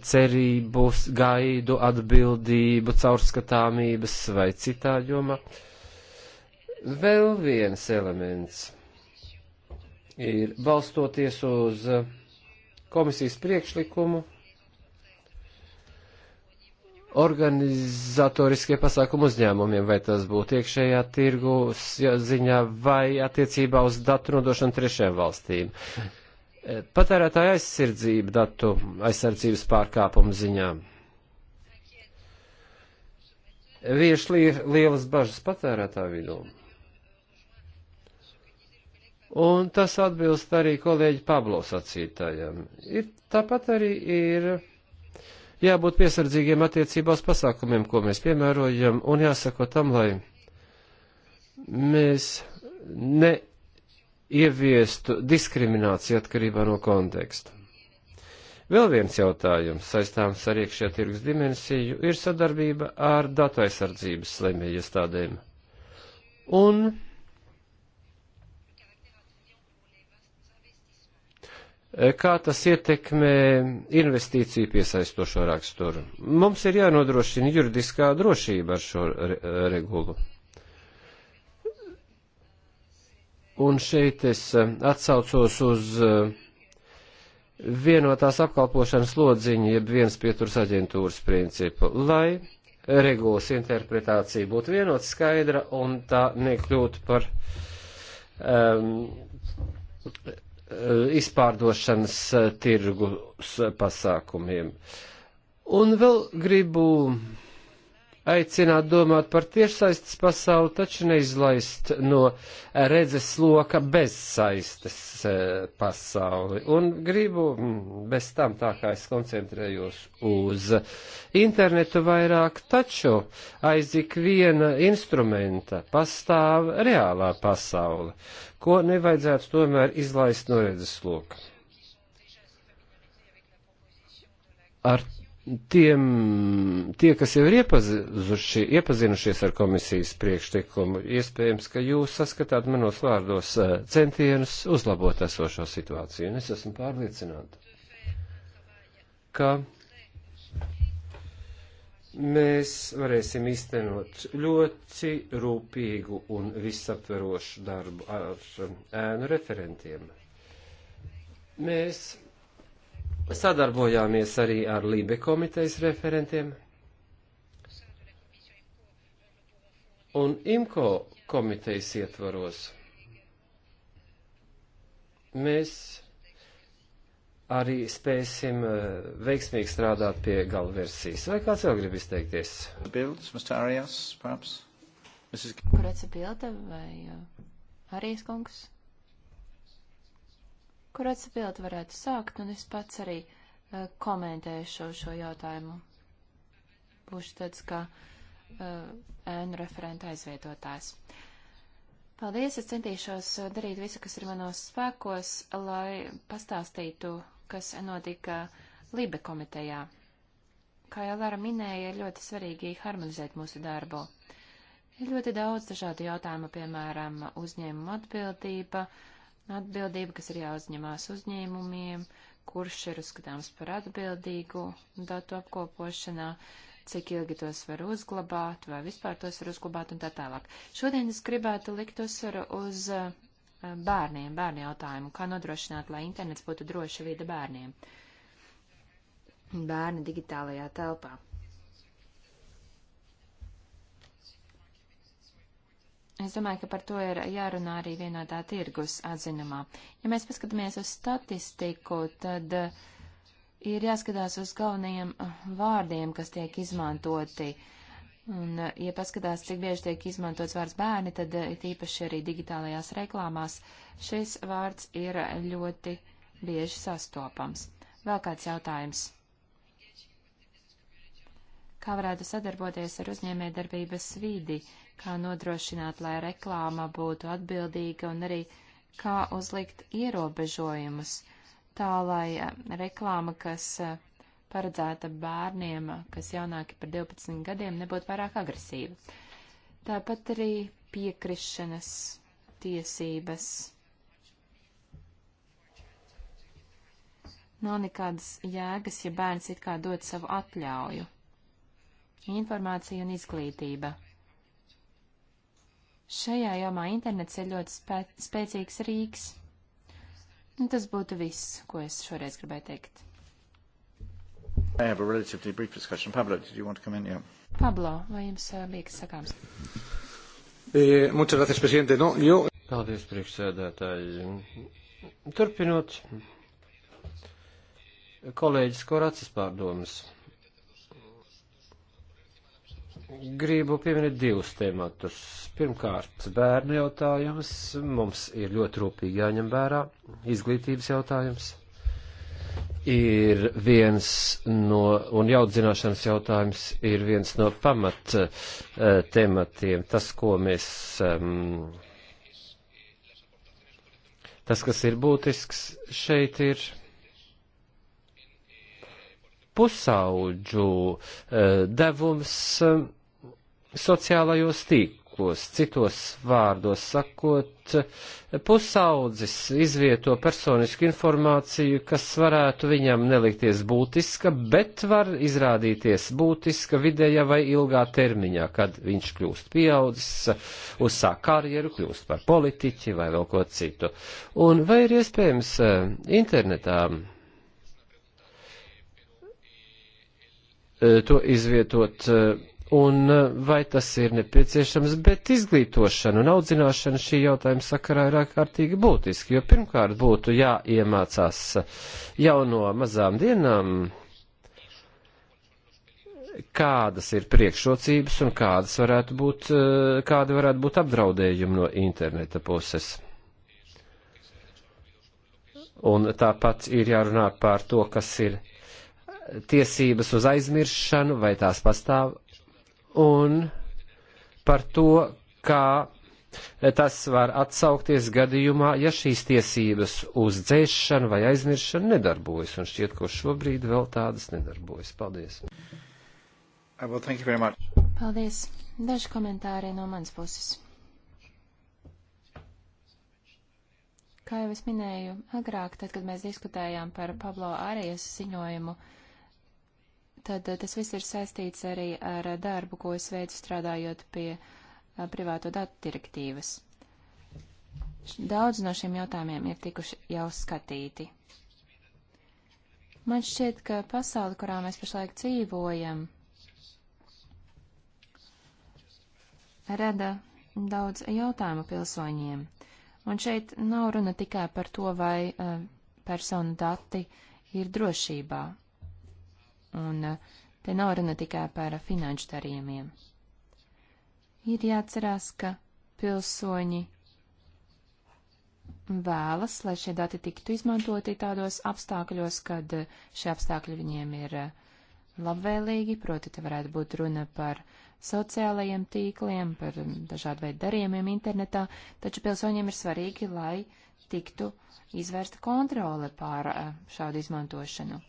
cerību, gaidu, atbildību, caurskatāmības vai citā jomā. Uh, Vēl viens elements ir balstoties uz komisijas priekšlikumu organizatoriskie pasākumu uzņēmumiem, vai tas būtu iekšējā tirgu ziņā vai attiecībā uz datu nodošanu trešajām valstīm. Patērētāja aizsardzība datu aizsardzības pārkāpumu ziņā. Vieši lielas bažas patērētāju vidū. Un tas atbilst arī kolēģi Pablo sacītājiem. Ir, tāpat arī ir jābūt piesardzīgiem attiecībās pasākumiem, ko mēs piemērojam, un jāsako tam, lai mēs neieviestu diskrimināciju atkarībā no konteksta. Vēl viens jautājums saistāms ar iekšējā tirgus dimensiju ir sadarbība ar datu aizsardzības slimējiestādēm. Un Eh, kā tas ietekmē investīciju piesaistošo raksturu. Mums ir jānodrošina juridiskā drošība ar šo re eh, regulu. Un šeit es eh, atsaucos uz vienotās apkalpošanas lodziņu, jeb viens pieturs aģentūras principu, lai regulas interpretācija būtu vienota, skaidra un tā nekļūtu par um, Eh, izpārdošanas eh, tirgus pasākumiem. Un vēl gribu aicināt domāt par tiešsaistes pasauli, taču neizlaist no redzes loka bezsaistes e, pasauli. Un gribu mm, bez tam tā kā es koncentrējos uz internetu vairāk, taču aiz ik viena instrumenta pastāv reālā pasaule, ko nevajadzētu tomēr izlaist no redzes loka. Ar tiem, tie, kas jau ir iepazinuši, iepazinušies ar komisijas priekšlikumu, iespējams, ka jūs saskatāt manos vārdos eh, centienus uzlabot esošo situāciju. Un es esmu pārliecināta, ka mēs varēsim iztenot ļoti rūpīgu un visaptverošu darbu ar eh, ēnu referentiem. Mēs Sadarbojāmies arī ar Lībe komitejas referentiem. Un IMCO komitejas ietvaros mēs arī spēsim eh, veiksmīgi strādāt pie galversijas. Vai kāds vēl grib izteikties? Bildes, Mr. Arias, perhaps? Mrs. Kurats Bilde vai eh, Arijas kungs? kur atsevilt varētu sākt, un es pats arī uh, komentēšu šo jautājumu. Būšu tāds kā uh, ēnu referenta aizvietotājs. Paldies, es centīšos eh, darīt visu, kas ir manos spēkos, lai pastāstītu, kas notika Libe komitejā. Kā jau Lara minēja, ir ļoti svarīgi harmonizēt mūsu darbu. Ir ļoti daudz dažādu jautājumu, piemēram, uzņēmuma atbildība, uh, atbildība, kas ir jāuzņemās uzņēmumiem, kurš ir uzskatāms par atbildīgu datu apkopošanā, cik ilgi tos var uzglabāt, vai vispār tos var uzglabāt un tā tālāk. Šodien es gribētu likt uzsvaru uz eh, bērniem, bērnu jautājumu, kā nodrošināt, lai internets būtu droša vide bērniem. Bērni digitālajā telpā. Es domāju, ka par to ir jārunā arī vienotā tirgus atzinumā. Ja mēs paskatāmies uz statistiku, tad eh, ir jāskatās uz galvenajiem eh, vārdiem, kas tiek izmantoti. Un, eh, ja paskatās, cik bieži tiek izmantots vārds bērni, tad tīpaši arī digitālajās reklāmās šis vārds ir ļoti bieži sastopams. Vēl kāds jautājums? Kā varētu sadarboties ar uzņēmējdarbības vīdi? kā nodrošināt, lai reklāma būtu atbildīga un arī kā uzlikt ierobežojumus, tā lai reklāma, kas paredzēta bērniem, kas jaunāki par 12 gadiem, nebūtu pārāk agresīva. Tāpat arī piekrišanas tiesības. Nav nekādas jēgas, ja bērns it kā dod savu atļauju. Informācija un izglītība. Šajā jomā internets ir ļoti spē spēcīgs rīks. Un nu, tas būtu viss, ko es šoreiz gribēju teikt. Pablo, yeah. Pablo, vai jums uh, bija kas sakāms? Eh, muchas gracias, presidente. No, yo... Paldies, priekšsēdētāji. Turpinot kolēģis Koracis pārdomas gribu pieminēt divus tematus. Pirmkārt, bērnu jautājums. Mums ir ļoti rūpīgi jāņem vērā izglītības jautājums. Ir viens no, un jaudzināšanas jautājums ir viens no pamat uh, tematiem. Tas, ko mēs, um, tas, kas ir būtisks šeit ir pusauģu uh, devums. Uh, sociālajos tīklos, citos vārdos sakot, pusaudzis izvieto personisku informāciju, kas varētu viņam nelikties būtiska, bet var izrādīties būtiska vidējā vai ilgā termiņā, kad viņš kļūst pieaudzis, uzsāk karjeru, kļūst par politiķi vai vēl ko citu. Un vai ir iespējams eh, internetā eh, to izvietot eh, un eh, vai tas ir nepieciešams, bet izglītošana un audzināšana šī jautājuma sakarā ir ārkārtīgi būtiski, jo pirmkārt būtu jāiemācās jau no mazām dienām, kādas ir priekšrocības un kādas varētu būt, eh, kādi varētu būt apdraudējumi no interneta puses. Un tāpat ir jārunā par to, kas ir tiesības uz aizmiršanu, vai tās pastāv un par to, kā tas var atsaukties gadījumā, ja šīs tiesības uz dzēšanu vai aizmiršanu nedarbojas, un šķiet, ko šobrīd vēl tādas nedarbojas. Paldies! Uh, well, thank you very much. Paldies! Daži komentāri no manas puses. Kā jau es minēju agrāk, tad, kad mēs diskutējām par Pablo Arijas ziņojumu, uh, Tad eh, tas viss ir saistīts arī ar darbu, ko es veicu strādājot pie eh, privāto datu direktīvas. Daudz no šiem jautājumiem ir tikuši jau skatīti. Man šķiet, ka pasauli, kurā mēs pašlaik dzīvojam, rada daudz jautājumu pilsoņiem. Un šeit nav runa tikai par to, vai uh, personu dati ir drošībā un eh, te nav runa tikai par finanšu darījumiem. Ir jāatcerās, ka pilsoņi vēlas, lai šie dati tiktu izmantoti tādos apstākļos, kad eh, šie apstākļi viņiem ir eh, labvēlīgi, proti te varētu būt runa par sociālajiem tīkliem, par dažādu veidu darījumiem internetā, taču pilsoņiem ir svarīgi, lai tiktu izvērsta kontrole pār šādu izmantošanu.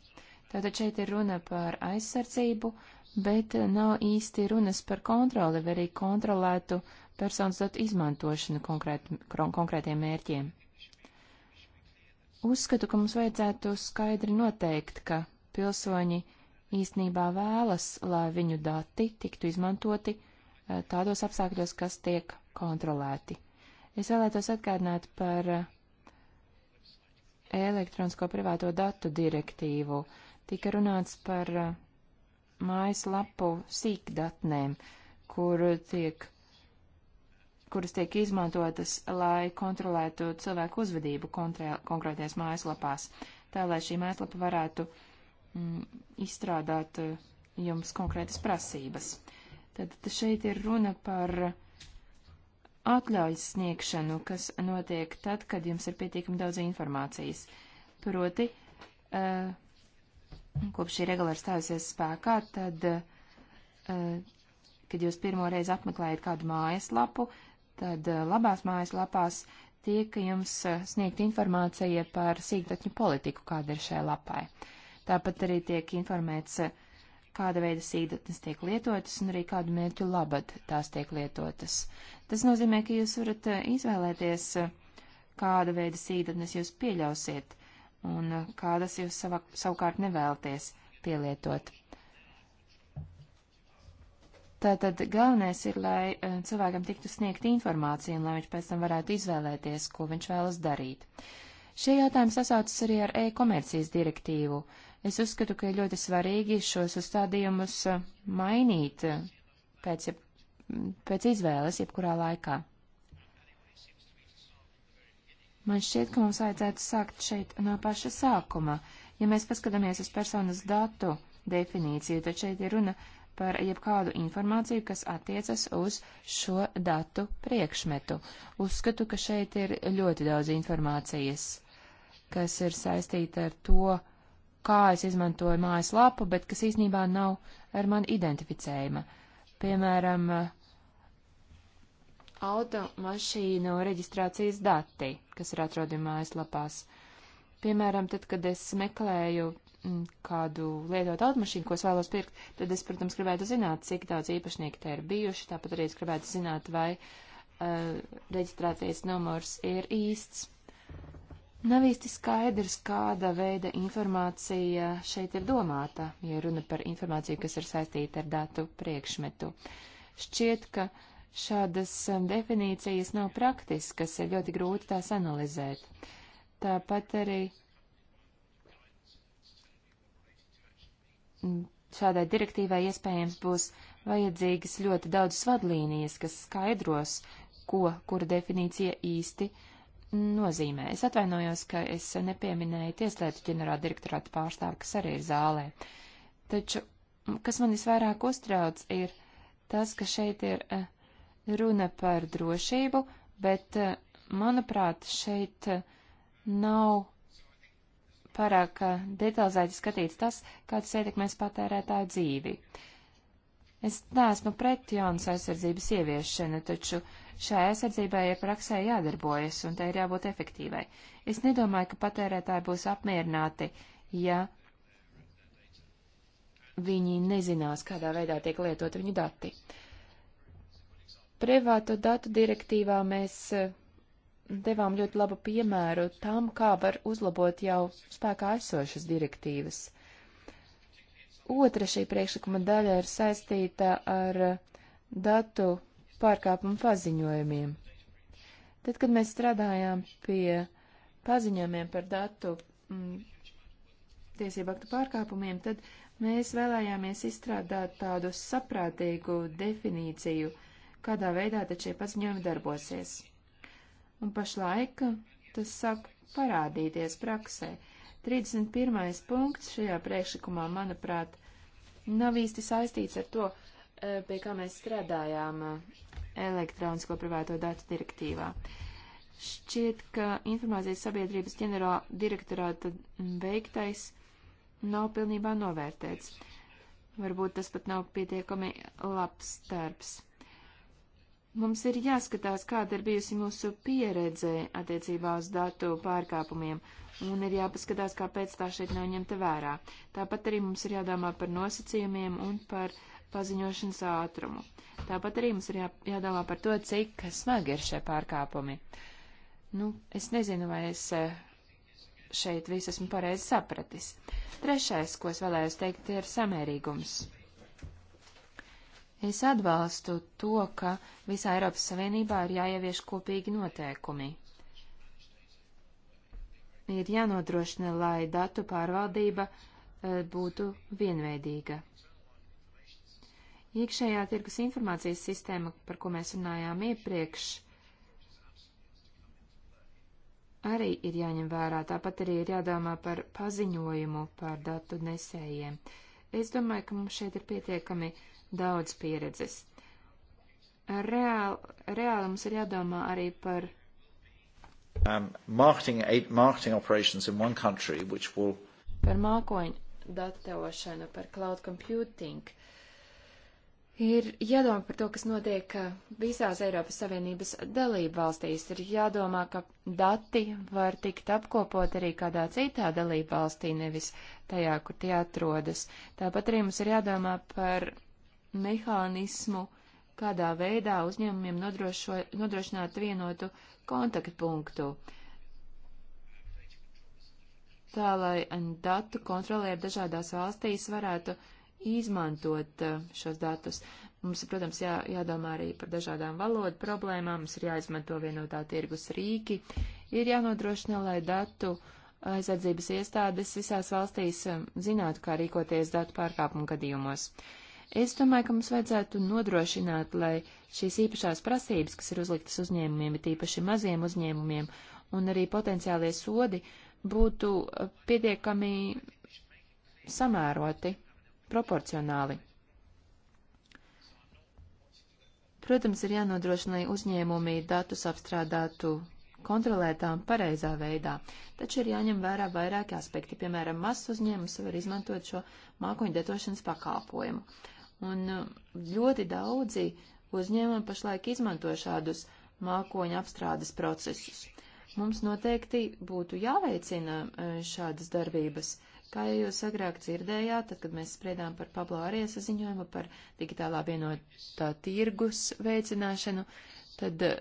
Tātad šeit ir runa par aizsardzību, bet nav īsti runas par kontroli vai arī kontrolētu personas datu izmantošanu konkrēt, konkrētiem mērķiem. Uzskatu, ka mums vajadzētu skaidri noteikt, ka pilsoņi īstenībā vēlas, lai viņu dati tiktu izmantoti eh, tādos apstākļos, kas tiek kontrolēti. Es vēlētos atgādināt par eh, elektronisko privāto datu direktīvu. Uh, tika runāts par uh, mājaslapu sīkdatnēm, kur tiek, kuras tiek izmantotas, lai kontrolētu cilvēku uzvedību konkrētajās mājaslapās, tā lai šī mājaslapa varētu mm, izstrādāt uh, jums konkrētas prasības. Tad šeit ir runa par atļaujas sniegšanu, kas notiek tad, kad jums ir pietiekami daudz informācijas. Proti, uh, kopš šī regula ir stājusies spēkā, tad, eh, kad jūs pirmo reizi apmeklējat kādu mājaslapu, tad eh, labās mājaslapās tiek jums eh, sniegt informācija par sīkdatņu politiku, kāda ir šai lapai. Tāpat arī tiek informēts, kāda veida sīkdatnes tiek lietotas un arī kādu mērķu labad tās tiek lietotas. Tas nozīmē, ka jūs varat izvēlēties, kāda veida sīkdatnes jūs pieļausiet un eh, kādas jūs savā, savukārt nevēlaties pielietot. Tātad galvenais ir, lai eh, cilvēkam tiktu sniegta informācija un lai viņš pēc tam varētu izvēlēties, ko viņš vēlas darīt. Šie jautājumi sasaucas arī ar e-komercijas direktīvu. Es uzskatu, ka ir ļoti svarīgi šos uzstādījumus eh, mainīt pēc, pēc izvēles jebkurā laikā. Man šķiet, ka mums vajadzētu sākt šeit no paša sākuma. Ja mēs paskatāmies uz personas datu definīciju, tad šeit ir runa par jebkādu informāciju, kas attiecas uz šo datu priekšmetu. Uzskatu, ka šeit ir ļoti daudz informācijas, kas ir saistīta ar to, kā es izmantoju mājas lapu, bet kas īsnībā nav ar mani identificējama. Piemēram, uh, automašīnu reģistrācijas dati, kas ir atrodami mājaslapās. Piemēram, tad, kad es meklēju mm, kādu lietot automašīnu, ko es vēlos pirkt, tad es, protams, gribētu zināt, cik daudz īpašnieku te ir bijuši, tāpat arī es gribētu zināt, vai uh, eh, reģistrētais numurs ir īsts. Nav īsti skaidrs, kāda veida informācija šeit ir domāta, ja runa par informāciju, kas ir saistīta ar datu priekšmetu. Šķiet, ka uh, šādas um, definīcijas nav praktiskas, ir ļoti grūti tās analizēt. Tāpat arī mm, šādai direktīvai iespējams būs vajadzīgas ļoti daudzas vadlīnijas, kas skaidros, ko kura definīcija īsti nozīmē. Es atvainojos, ka es nepieminēju tieslietu ģenerāla direktorāta pārstāvu, kas arī ir zālē. Taču, mm, kas man visvairāk uztrauc, ir tas, ka šeit ir uh, runa par drošību, bet, eh, manuprāt, šeit eh, nav pārāk eh, detalizēti skatīts tas, kāds ietekmēs patērētāju dzīvi. Es neesmu pret jaunas aizsardzības ieviešanu, taču šai aizsardzībai ir praksē jādarbojas, un tai ir jābūt efektīvai. Es nedomāju, ka patērētāji būs apmierināti, ja viņi nezinās, kādā veidā tiek lietoti viņu dati. Uh, Privāto datu direktīvā mēs eh, devām ļoti labu piemēru tam, kā var uzlabot jau spēkā esošas direktīvas. Otra šī priekšlikuma daļa ir saistīta ar eh, datu pārkāpumu paziņojumiem. Tad, kad mēs strādājām pie paziņojumiem par datu m, mm, tiesību aktu pārkāpumiem, tad mēs vēlējāmies izstrādāt tādu saprātīgu definīciju uh, kādā veidā tad šie paziņojumi darbosies. Un pašlaik tas sāk parādīties praksē. 31. punkts šajā priekšlikumā, manuprāt, nav īsti saistīts ar to, eh, pie kā mēs strādājām eh, elektronisko privāto datu direktīvā. Šķiet, ka informācijas sabiedrības ģenerāla direktorāta veiktais nav pilnībā novērtēts. Varbūt tas pat nav pietiekami labs darbs. Mums ir jāskatās, kāda ir bijusi mūsu pieredze attiecībā uz datu pārkāpumiem, un ir jāpaskatās, kāpēc tā šeit nav ņemta vērā. Tāpat arī mums ir jādomā par nosacījumiem un par paziņošanas ātrumu. Tāpat arī mums ir jā, jādomā par to, cik smagi ir šie pārkāpumi. Nu, es nezinu, vai es eh, šeit visu esmu pareizi sapratis. Trešais, ko es vēlējos teikt, ir samērīgums. Es atbalstu to, ka visā Eiropas Savienībā ir jāievieš kopīgi noteikumi. Ir jānodrošina, lai datu pārvaldība e, būtu vienveidīga. Iekšējā tirgus informācijas sistēma, par ko mēs runājām iepriekš, arī ir jāņem vērā. Tāpat arī ir jādomā par paziņojumu par datu nesējiem. Es domāju, ka mums šeit ir pietiekami uh, daudz pieredzes. Reāli, reāli mums ir jādomā arī par. Um, marketing, eight marketing operations in one country, which will. Par mākoņu datošanu, par cloud computing. Ir jādomā par to, kas notiek uh, visās Eiropas Savienības dalību valstīs. Ir jādomā, ka dati var tikt apkopot arī kādā citā dalību valstī, nevis tajā, kur tie atrodas. Tāpat arī mums ir jādomā par mehānismu, kādā veidā uzņēmumiem nodrošo, nodrošināt vienotu kontaktpunktu, tā lai datu kontrolieri dažādās valstīs varētu izmantot eh, šos datus. Mums, protams, jā, jādomā arī par dažādām valodu problēmām, mums ir jāizmanto vienotā tirgus rīki, ir jānodrošina, lai datu aizsardzības iestādes visās valstīs eh, zinātu, kā rīkoties datu pārkāpumu gadījumos. Uh, Es domāju, ka mums vajadzētu nodrošināt, lai šīs īpašās prasības, kas ir uzliktas uzņēmumiem, ir īpaši maziem uzņēmumiem, un arī potenciālie sodi būtu uh, pietiekami samēroti, proporcionāli. Protams, ir jānodrošina, lai uzņēmumi datus apstrādātu kontrolētā un pareizā veidā, taču ir jāņem vērā vairāki aspekti, piemēram, mazs uzņēmums var izmantot šo mākoņu datošanas pakalpojumu. Un uh, ļoti daudzi uzņēmumi pašlaik izmanto šādus mākoņu apstrādes procesus. Mums noteikti būtu jāveicina uh, šādas darbības. Kā jau jūs agrāk dzirdējāt, tad, kad mēs spriedām par Pablo Ariesa ziņojumu par digitālā vienotā tirgus veicināšanu, tad uh,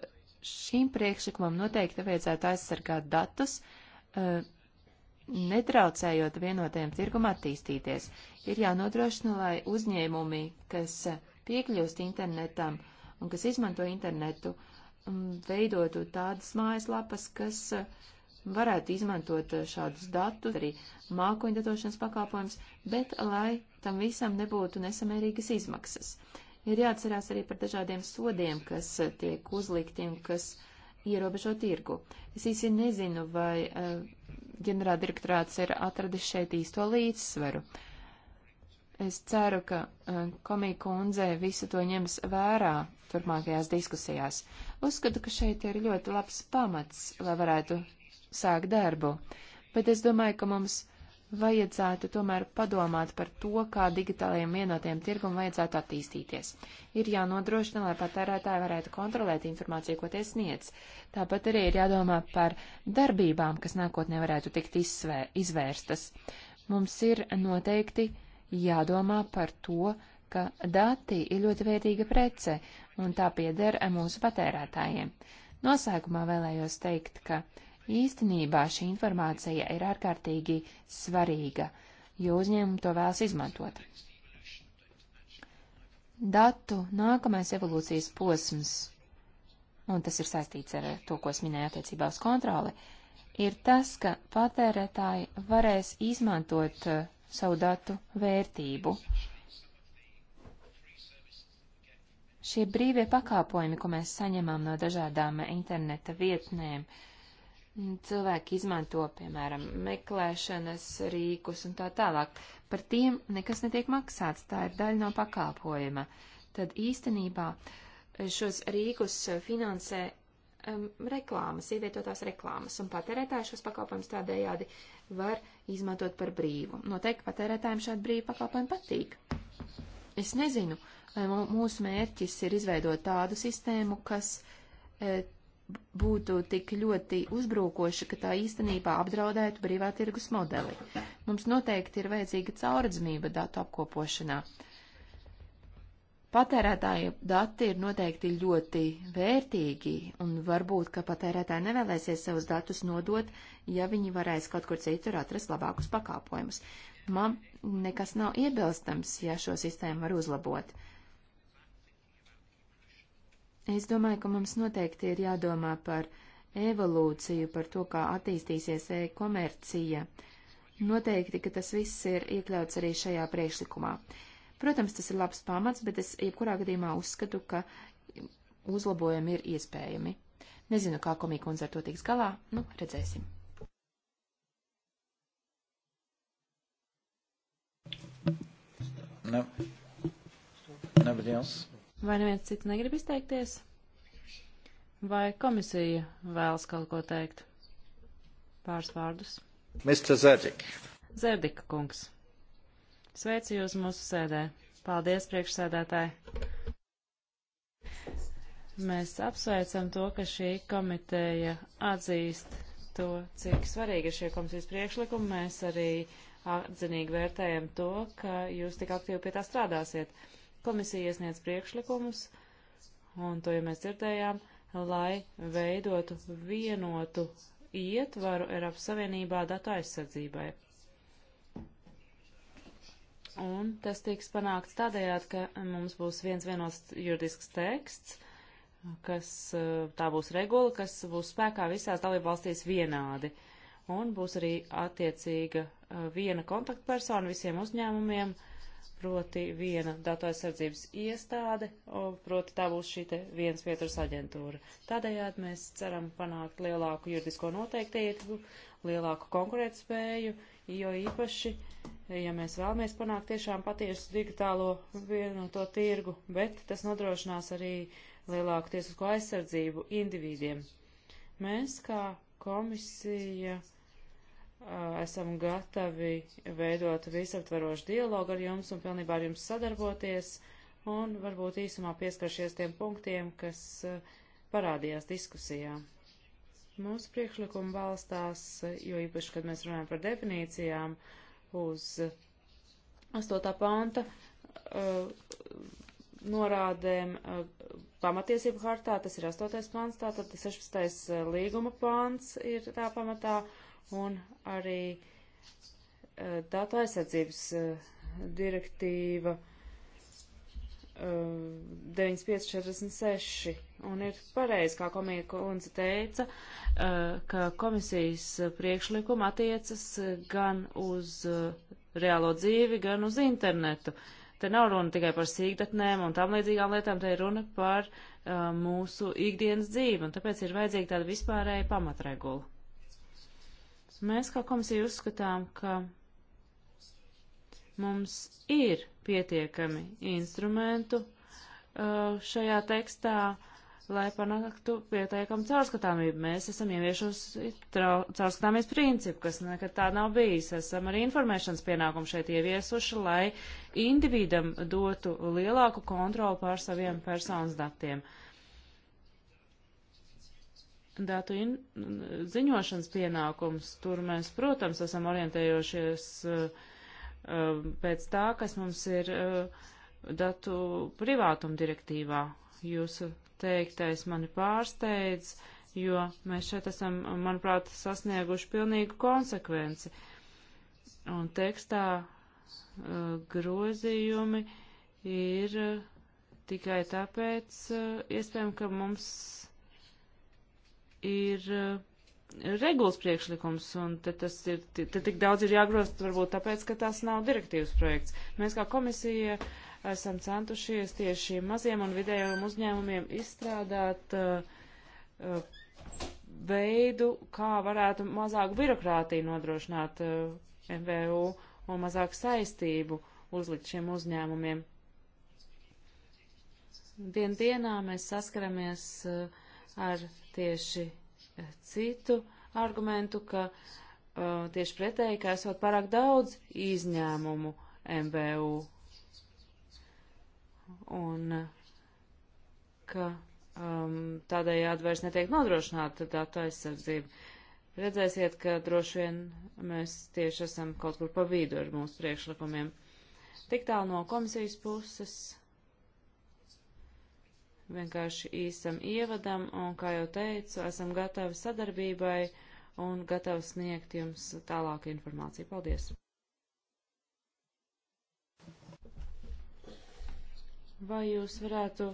šīm priekšlikumam noteikti vajadzētu aizsargāt datus, netraucējot vienotajam tirgum attīstīties. Ir jānodrošina, lai uzņēmumi, kas piekļūst internetam un kas izmanto internetu, mm, veidotu tādas mājaslapas, kas mm, varētu izmantot šādus datus, arī mākoņdatošanas pakāpojums, bet lai tam visam nebūtu nesamērīgas izmaksas. Ir jāatcerās arī par dažādiem sodiem, kas tiek uzlikti un kas ierobežo tirgu. Es īsi nezinu, vai uh, ģenerāldirektorāts ir atradis šeit īsto līdzsvaru. Es ceru, ka e, komija kundze visu to ņems vērā turpmākajās diskusijās. Uzskatu, ka šeit ir ļoti labs pamats, lai varētu sākt darbu, bet es domāju, ka mums vajadzētu tomēr padomāt par to, kā digitālajiem vienotiem tirgum vajadzētu attīstīties. Ir jānodrošina, lai patērētāji varētu kontrolēt informāciju, ko tie sniedz. Tāpat arī ir jādomā par darbībām, kas nākotnē varētu tikt izsvē, izvērstas. Mums ir noteikti jādomā par to, ka dati ir ļoti vērtīga prece, un tā pieder mūsu patērētājiem. Noslēgumā vēlējos teikt, ka uh, Īstenībā šī informācija ir ārkārtīgi svarīga, jo uzņēmumi to vēlas izmantot. Datu nākamais evolūcijas posms, un tas ir saistīts ar to, ko es minēju attiecībā uz kontroli, ir tas, ka patērētāji varēs izmantot uh, savu datu vērtību. Šie brīvie pakāpojumi, ko mēs saņemam no dažādām interneta vietnēm, uh, Cilvēki izmanto, piemēram, meklēšanas rīkus un tā tālāk. Par tiem nekas netiek maksāts, tā ir daļa no pakalpojuma. Tad īstenībā šos rīkus finansē um, reklāmas, ievietotās reklāmas, un patērētāji šos pakalpojumus tādējādi var izmantot par brīvu. Noteikti patērētājiem šādi brīvi pakalpojumi patīk. Es nezinu, vai mūsu mērķis ir izveidot tādu sistēmu, kas e, būtu tik ļoti uzbrukoša, ka tā īstenībā apdraudētu brīvā tirgus modeli. Mums noteikti ir vajadzīga caurredzamība datu apkopošanā. Patērētāja dati ir noteikti ļoti vērtīgi, un varbūt, ka patērētāji nevēlēsies savus datus nodot, ja viņi varēs kaut kur citur atrast labākus pakāpojumus. Man nekas nav iebilstams, ja šo sistēmu var uzlabot. Es domāju, ka mums noteikti ir jādomā par evolūciju, par to, kā attīstīsies e-komercija. Noteikti, ka tas viss ir iekļauts arī šajā priekšlikumā. Protams, tas ir labs pamats, bet es jebkurā gadījumā uzskatu, ka uzlabojumi ir iespējami. Nezinu, kā komija kundze ar to tiks galā, nu, redzēsim. No. Nobody else? Vai neviens cits negrib izteikties? Vai komisija vēlas kaut ko teikt? Pāris vārdus. Mr. Zerdik. Zerdika kungs. Sveicu jūs mūsu sēdē. Paldies, priekšsēdētāji. Mēs apsveicam to, ka šī komiteja atzīst to, cik svarīgi ir šie komisijas priekšlikumi. Mēs arī atzinīgi vērtējam to, ka jūs tik aktīvi pie tā strādāsiet. Uh, Komisija iesniedz priekšlikumus, un to jau mēs dzirdējām, lai veidotu vienotu ietvaru Eiropas Savienībā datu aizsardzībai. Un tas tiks panākts tādējādi, ka mums būs viens vienots juridisks teksts, kas eh, tā būs regula, kas būs spēkā visās dalībvalstīs vienādi. Un būs arī attiecīga eh, viena kontaktpersona visiem uzņēmumiem, uh, proti viena datu aizsardzības iestāde, proti tā būs šī te viens pieturas aģentūra. Tādējādi mēs ceram panākt lielāku juridisko noteiktību, lielāku konkurētspēju, jo īpaši, ja mēs vēlamies panākt tiešām patiesu digitālo vienoto tirgu, bet tas nodrošinās arī lielāku tiesisko aizsardzību individiem. Mēs kā komisija esam gatavi veidot visaptverošu dialogu ar jums un pilnībā ar jums sadarboties un varbūt īsumā pieskaršies tiem punktiem, kas eh, parādījās diskusijā. Mūsu priekšlikumi balstās, jo īpaši, kad mēs runājam par definīcijām, uz 8. panta eh, norādēm eh, pamatiesību hartā, tas ir 8. pants, tātad 16. līguma pants ir tā pamatā, un arī uh, datu aizsardzības uh, direktīva uh, eh, 9546. Un ir pareizi, kā komija kundze teica, ka komisijas priekšlikuma attiecas gan uz reālo dzīvi, gan uz internetu. Te nav runa tikai par sīkdatnēm un tam līdzīgām lietām, te ir runa par uh, mūsu ikdienas dzīvi, un tāpēc ir vajadzīga tāda vispārēja pamatregula. Mēs kā komisija uzskatām, ka mums ir pietiekami instrumentu uh, šajā tekstā, lai panāktu pietiekamu caurskatāmību. Mēs esam ieviešusi caurskatāmības principu, kas nekad tā nav bijis. Esam arī informēšanas pienākumu šeit ieviesuši, lai individam dotu lielāku kontroli pār saviem personas datiem. Uh, datu in, ziņošanas pienākums. Tur mēs, protams, esam orientējošies uh, eh, eh, pēc tā, kas mums ir uh, datu privātuma direktīvā. Jūsu teiktais mani pārsteidz, jo mēs šeit esam, manuprāt, sasnieguši pilnīgu konsekvenci. Un tekstā uh, grozījumi ir tikai tāpēc iespējams, ka mums ir eh, regulas priekšlikums, un te tas ir, te tik daudz ir jāgrost, varbūt tāpēc, ka tas nav direktīvas projekts. Mēs kā komisija esam centušies tieši maziem un vidējiem uzņēmumiem izstrādāt uh, veidu, kā varētu mazāku birokrātiju nodrošināt uh, MVU un mazāku saistību uzlikt šiem uzņēmumiem. Dien dienā mēs saskaramies uh, ar tieši eh, citu argumentu, ka uh, tieši pretēji, ka esot pārāk daudz izņēmumu MBU un ka um, tādējādi vairs netiek nodrošināta datu aizsardzība. Redzēsiet, ka droši vien mēs tieši esam kaut kur pa vidu ar mūsu priekšlikumiem. Tik tālu no komisijas puses vienkārši īsam ievadam, un, kā jau teicu, esam gatavi sadarbībai un gatavi sniegt jums tālāku informāciju. Paldies! Vai jūs varētu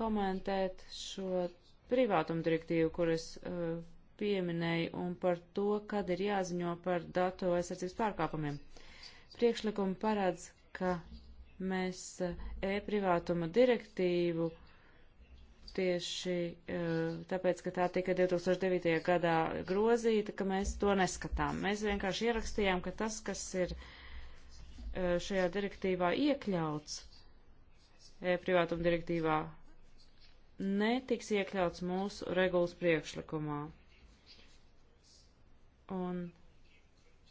komentēt šo privātumu direktīvu, kuras uh, pieminēju, un par to, kad ir jāziņo par datu aizsardzības pārkāpumiem? Priekšlikumi paredz, ka mēs uh, e-privātuma direktīvu uh, tieši eh, tāpēc, ka tā tika 2009. gadā grozīta, ka mēs to neskatām. Mēs vienkārši ierakstījām, ka tas, kas ir eh, šajā direktīvā iekļauts, eh, privātuma direktīvā, netiks iekļauts mūsu regulas priekšlikumā. Un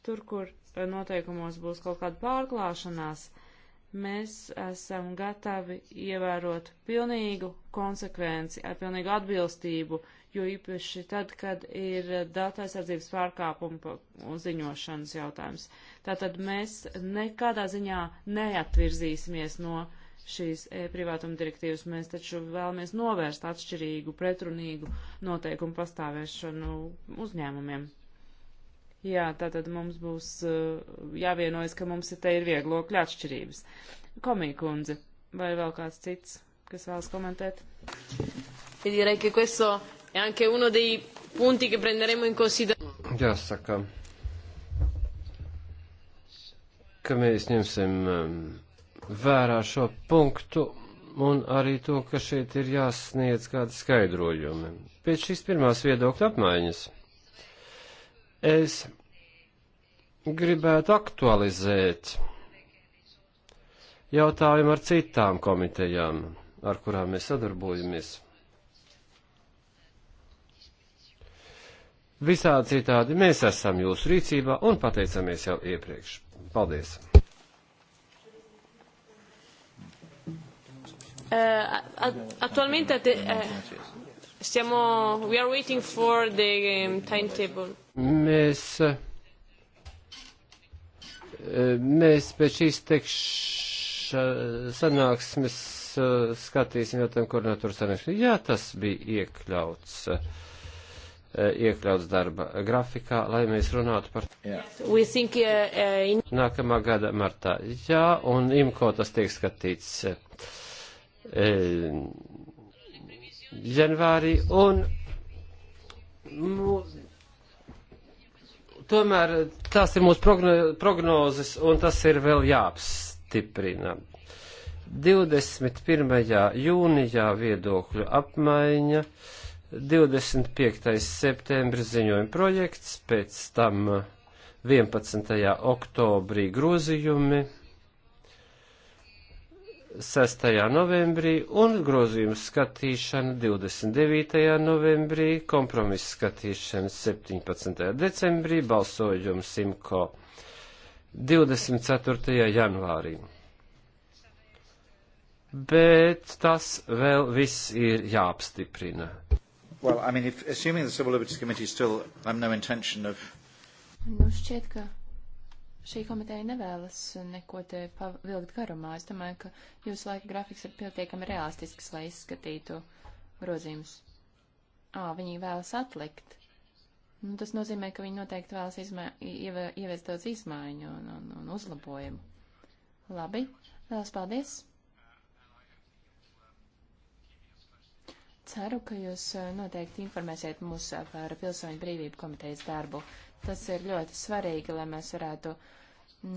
tur, kur noteikumos būs kaut kāda pārklāšanās, uh, Mēs esam gatavi ievērot pilnīgu konsekvenci ar pilnīgu atbilstību, jo īpaši tad, kad ir datu aizsardzības pārkāpuma ziņošanas jautājums. Tātad mēs nekādā ziņā neatvirzīsimies no šīs e privātuma direktīvas. Mēs taču vēlamies novērst atšķirīgu, pretrunīgu noteikumu pastāvēšanu uzņēmumiem. Jā, tātad mums būs eh, jāvienojas, ka mums te ir vieglokļa atšķirības. Komija kundze, vai vēl kāds cits, kas vēlas komentēt? E Jāsaka, ka mēs ņemsim ehm, vērā šo punktu un arī to, ka šeit ir jāsniedz kādi skaidrojumi. Pēc šīs pirmās viedokļa apmaiņas es gribētu aktualizēt jautājumu ar citām komitejām, ar kurām mēs sadarbojamies. Visādi citādi mēs esam jūsu rīcībā un pateicamies jau iepriekš. Paldies! Uh, attualmente uh, stiamo, we are waiting for the um, timetable. Mēs uh, Mēs pēc šīs tekša sanāksmes eh, skatīsim jautājumu koordinatoru sanāksmi. Jā, tas bija iekļauts eh, iekļauts darba grafikā, lai mēs runātu par think, uh, in... nākamā gada martā. Jā, un imko tas tiek skatīts e, janvārī, un mū, tomēr tās ir mūsu progno, prognozes, un tas ir vēl jāapstiprina. 21. jūnijā viedokļu apmaiņa, 25. septembris ziņojuma projekts, pēc tam 11. oktobrī grozījumi, 6. novembrī un grozījumu skatīšana 29. novembrī, kompromisu skatīšana 17. decembrī, balsojumu Simko 24. janvārī. Bet tas vēl viss ir jāapstiprina. Well, I mean, if, assuming the Civil Liberties Committee still, I have no intention of. Nu šķiet, ka Šī komiteja nevēlas neko te pavilkt garumā. Es domāju, ka jūsu laika grafiks ir pietiekami realistisks, lai izskatītu grozījumus. Ā, viņi vēlas atlikt. Nu, tas nozīmē, ka viņi noteikti vēlas izmē, ievē, ieviest daudz izmaiņu un, un, un uzlabojumu. Labi, vēlas paldies! ceru, ka jūs noteikti informēsiet mūs par Pilsoņu brīvību komitejas darbu. Tas ir ļoti svarīgi, lai mēs varētu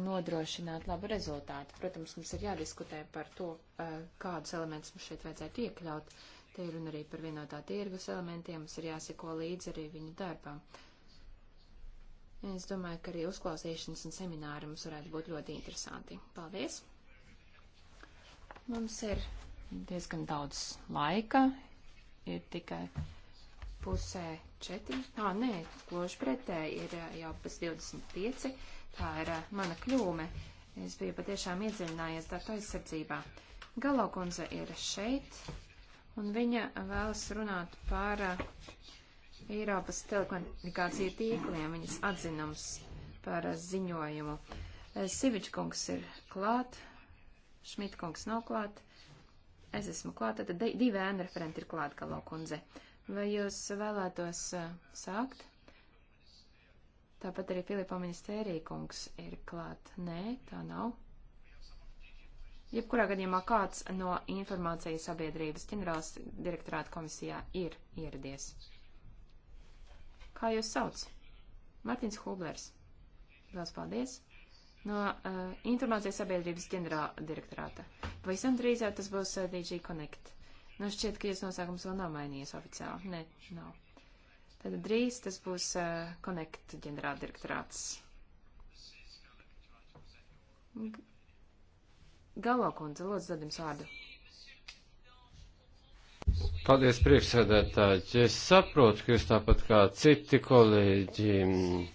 nodrošināt labu rezultātu. Protams, mums ir jādiskutē par to, eh, kādus elementus mums šeit vajadzētu iekļaut. Te ir un arī par vienotā tirgus elementiem, mums ir jāseko līdzi arī viņu darbam. Es domāju, ka arī uzklausīšanas un semināri mums varētu būt ļoti interesanti. Paldies! Mums ir diezgan daudz laika, ir tikai pusē 4, ā, nē, gluži pretēji ir jau pēc 25, tā ir mana kļūme. Es biju patiešām iedziļinājies datu aizsardzībā. Galokundze ir šeit, un viņa vēlas runāt par Eiropas telekomunikāciju tīkliem, viņas atzinums par ziņojumu. Sivičkungs ir klāt, Šmitkungs nav klāt, es esmu klāt, tad divi ēnu referenti ir klāt, Galokundze. kundze. Vai jūs vēlētos uh, sākt? Tāpat arī Filipa ministērīkungs ir klāt. Nē, tā nav. Jebkurā gadījumā kāds no informācijas sabiedrības ģenerāls direktorāta komisijā ir ieradies. Kā jūs sauc? Martins Hublers. Lielas paldies! No uh, informācijas sabiedrības ģenerāla direktorāta. Pavisam drīz jau tas būs uh, DG Connect. Nu, šķiet, ka jūs nosaukums vēl nav mainījies oficiāli. Nē, nav. Tad drīz tas būs uh, Connect ģenerāldirektorāts. Galo kundze, lūdzu, dod jums vārdu. Paldies, priekšsēdētāji. Es saprotu, ka jūs tāpat kā citi kolēģi mm,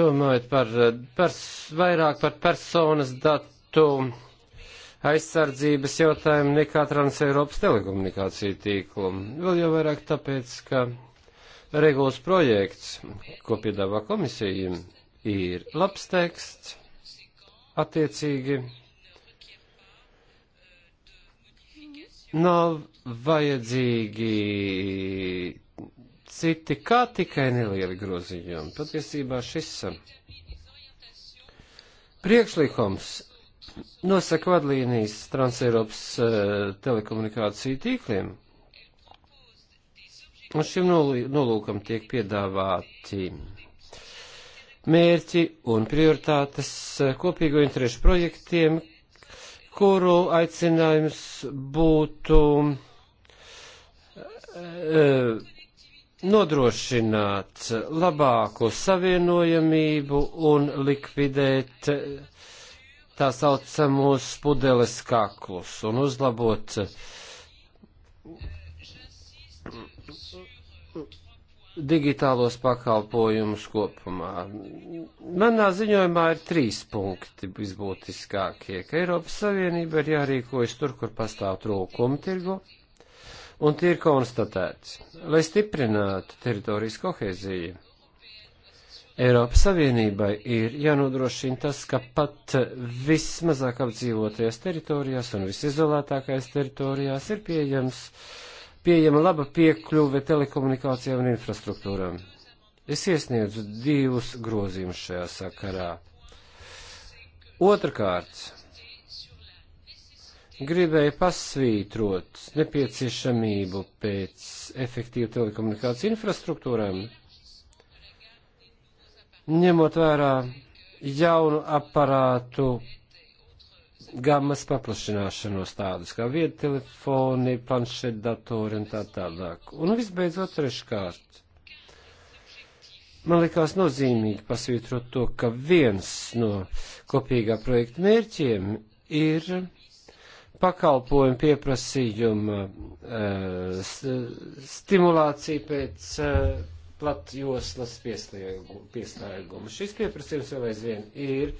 domājat par, eh, par vairāk par personas datu aizsardzības jautājumu nekā Transeiropas telekomunikāciju tīklu. Vēl jau vairāk tāpēc, ka regulas projekts, ko piedāvā komisija, ir labs teksts, attiecīgi nav vajadzīgi citi, kā tikai nelieli grozījumi. Patiesībā šis uh, priekšlikums nosaka vadlīnijas Transeiropas eh, telekomunikāciju tīkliem. Un šim nolūkam tiek piedāvāti mērķi un prioritātes eh, kopīgo interešu projektiem, kuru aicinājums būtu eh, nodrošināt labāku savienojamību un likvidēt tā saucamos pudeles kaklus un uzlabot digitālos pakalpojumus kopumā. Manā ziņojumā ir trīs punkti visbūtiskākie, ka Eiropas Savienība ir jārīkojas tur, kur pastāv trūkumi tirgu, un tie ir konstatēts, lai stiprinātu teritorijas kohēziju Eiropas Savienībai ir jānodrošina tas, ka pat vismazāk apdzīvotajās teritorijās un visizolētākajās teritorijās ir pieejams, pieejama laba piekļuve telekomunikācijām un infrastruktūram. Es iesniedzu divus grozījumus šajā sakarā. Otrakārt, gribēju pasvītrot nepieciešamību pēc efektīvu telekomunikāciju infrastruktūrām ņemot vērā jaunu aparātu gammas paplašināšanos tādas kā viedtelefoni, planšetdatori un tā tālāk. Un visbeidzot treškārt. Man likās nozīmīgi pasvītrot to, ka viens no kopīgā projekta mērķiem ir pakalpojumu pieprasījuma uh, eh, st stimulācija pēc uh, platjoslas pieslēgumu. Šis pieprasījums vēl aizvien ir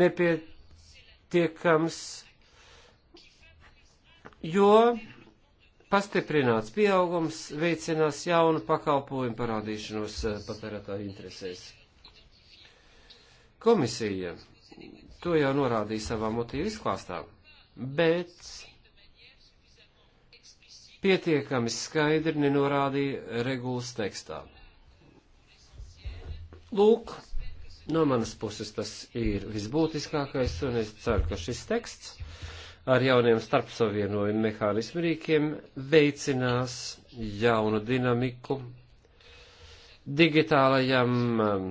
nepietiekams, jo pastiprināts pieaugums veicinās jaunu pakalpojumu parādīšanos eh, patērētāju interesēs. Komisija to jau norādīja savā motīvu izklāstā, bet pietiekami skaidri nenorādīja regulas tekstā. Lūk, no manas puses tas ir visbūtiskākais, un es ceru, ka šis teksts ar jauniem starpsavienojumu mehānismu rīkiem veicinās jaunu dinamiku digitālajam um,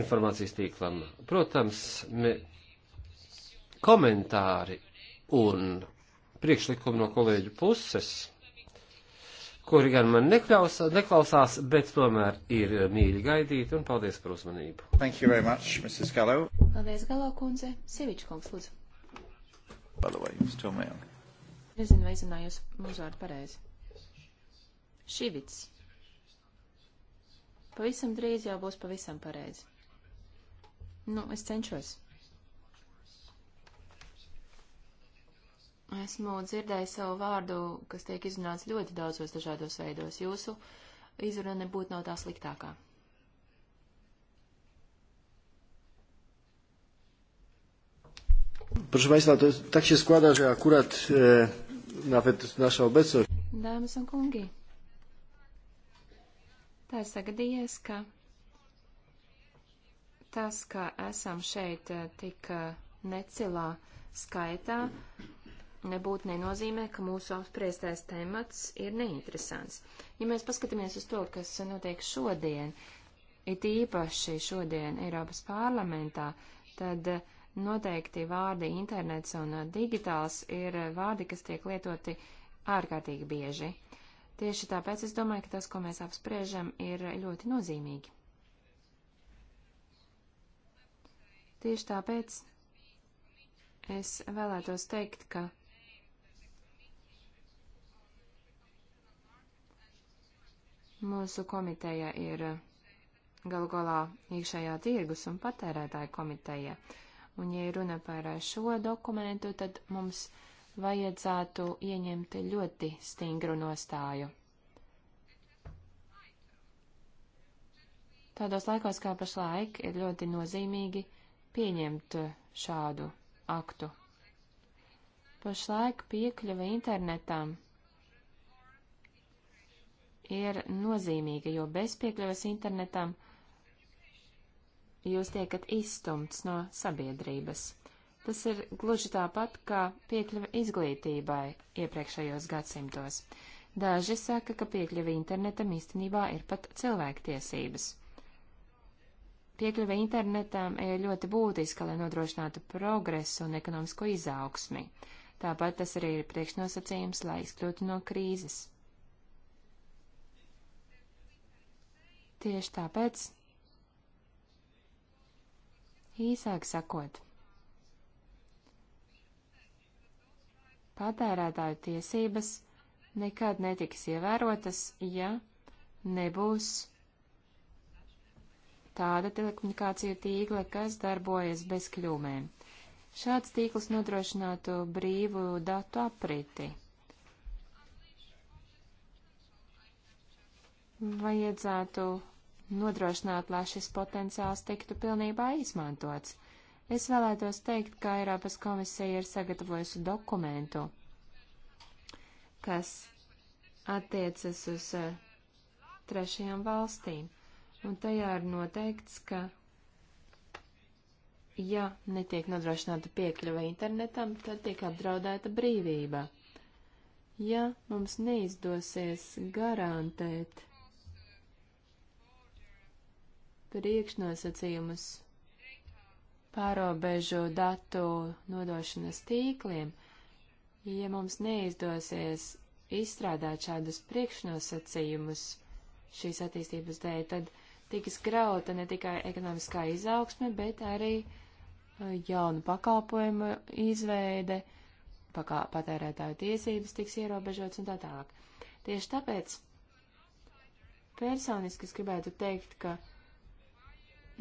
informācijas tīklam. Protams, me, komentāri un priekšlikumi no kolēģu puses kuri gan man nekļaus, neklausās, bet tomēr ir mīļi gaidīti, un paldies par uzmanību. Thank you very much, Mrs. Gallo. Paldies, Gallo kundze. Seviča kungs, lūdzu. By the way, jums to mail. Nezinu, vai zināju jūs uzvārdu pareizi. Šivits. Pavisam drīz jau būs pavisam pareizi. Nu, es cenšos. Esmu dzirdējis savu vārdu, kas tiek izrunāts ļoti daudzos dažādos veidos. Jūsu izruna nebūtu nav tā sliktākā. Proszę Państwa, to tak się składa, że akurat e, nawet nasza obecność. Dāmas un kungi, tā ir sagadījies, ka tas, ka esam šeit e, tik e, necilā skaitā, nebūtu nenozīmē, ka mūsu apspriestais temats ir neinteresants. Ja mēs paskatāmies uz to, kas notiek šodien, it īpaši šodien Eiropas parlamentā, tad noteikti vārdi internets un digitāls ir vārdi, kas tiek lietoti ārkārtīgi bieži. Tieši tāpēc es domāju, ka tas, ko mēs apspriežam, ir ļoti nozīmīgi. Tieši tāpēc es vēlētos teikt, ka Mūsu komiteja ir galu galā iekšējā tirgus un patērētāja komiteja. Un, ja runa par šo dokumentu, tad mums vajadzētu ieņemt ļoti stingru nostāju. Tādos laikos kā pašlaik ir ļoti nozīmīgi pieņemt šādu aktu. Pašlaik piekļuve internetam ir nozīmīga, jo bez piekļuvas internetam jūs tiekat izstumts no sabiedrības. Tas ir gluži tāpat kā piekļuva izglītībai iepriekšējos gadsimtos. Daži saka, ka piekļuva internetam īstenībā ir pat cilvēktiesības. Piekļuva internetam ir ļoti būtiska, lai nodrošinātu progresu un ekonomisko izaugsmi. Tāpat tas arī ir priekšnosacījums, lai izkļūtu no krīzes. Tieši tāpēc, īsāk sakot, patērētāju tiesības nekad netiks ievērotas, ja nebūs tāda telekomunikāciju tīkla, kas darbojas bez kļūmēm. Šāds tīkls nodrošinātu brīvu datu apriti. vajadzētu nodrošināt, lai šis potenciāls tiktu pilnībā izmantots. Es vēlētos teikt, ka Eiropas komisija ir sagatavojusi dokumentu, kas attiecas uz eh, trešajām valstīm, un tajā ir noteikts, ka, ja netiek nodrošināta piekļuva internetam, tad tiek apdraudēta brīvība. Ja mums neizdosies garantēt priekšnosacījumus pārobežu datu nodošanas tīkliem, ja mums neizdosies izstrādāt šādus priekšnosacījumus šīs attīstības dēļ, tad tiks grauta ne tikai ekonomiskā izaugsme, bet arī uh, jaunu pakalpojumu izveide, pakā, patērētāju tiesības tiks ierobežotas un tā tālāk. Tieši tāpēc personiski es gribētu teikt, ka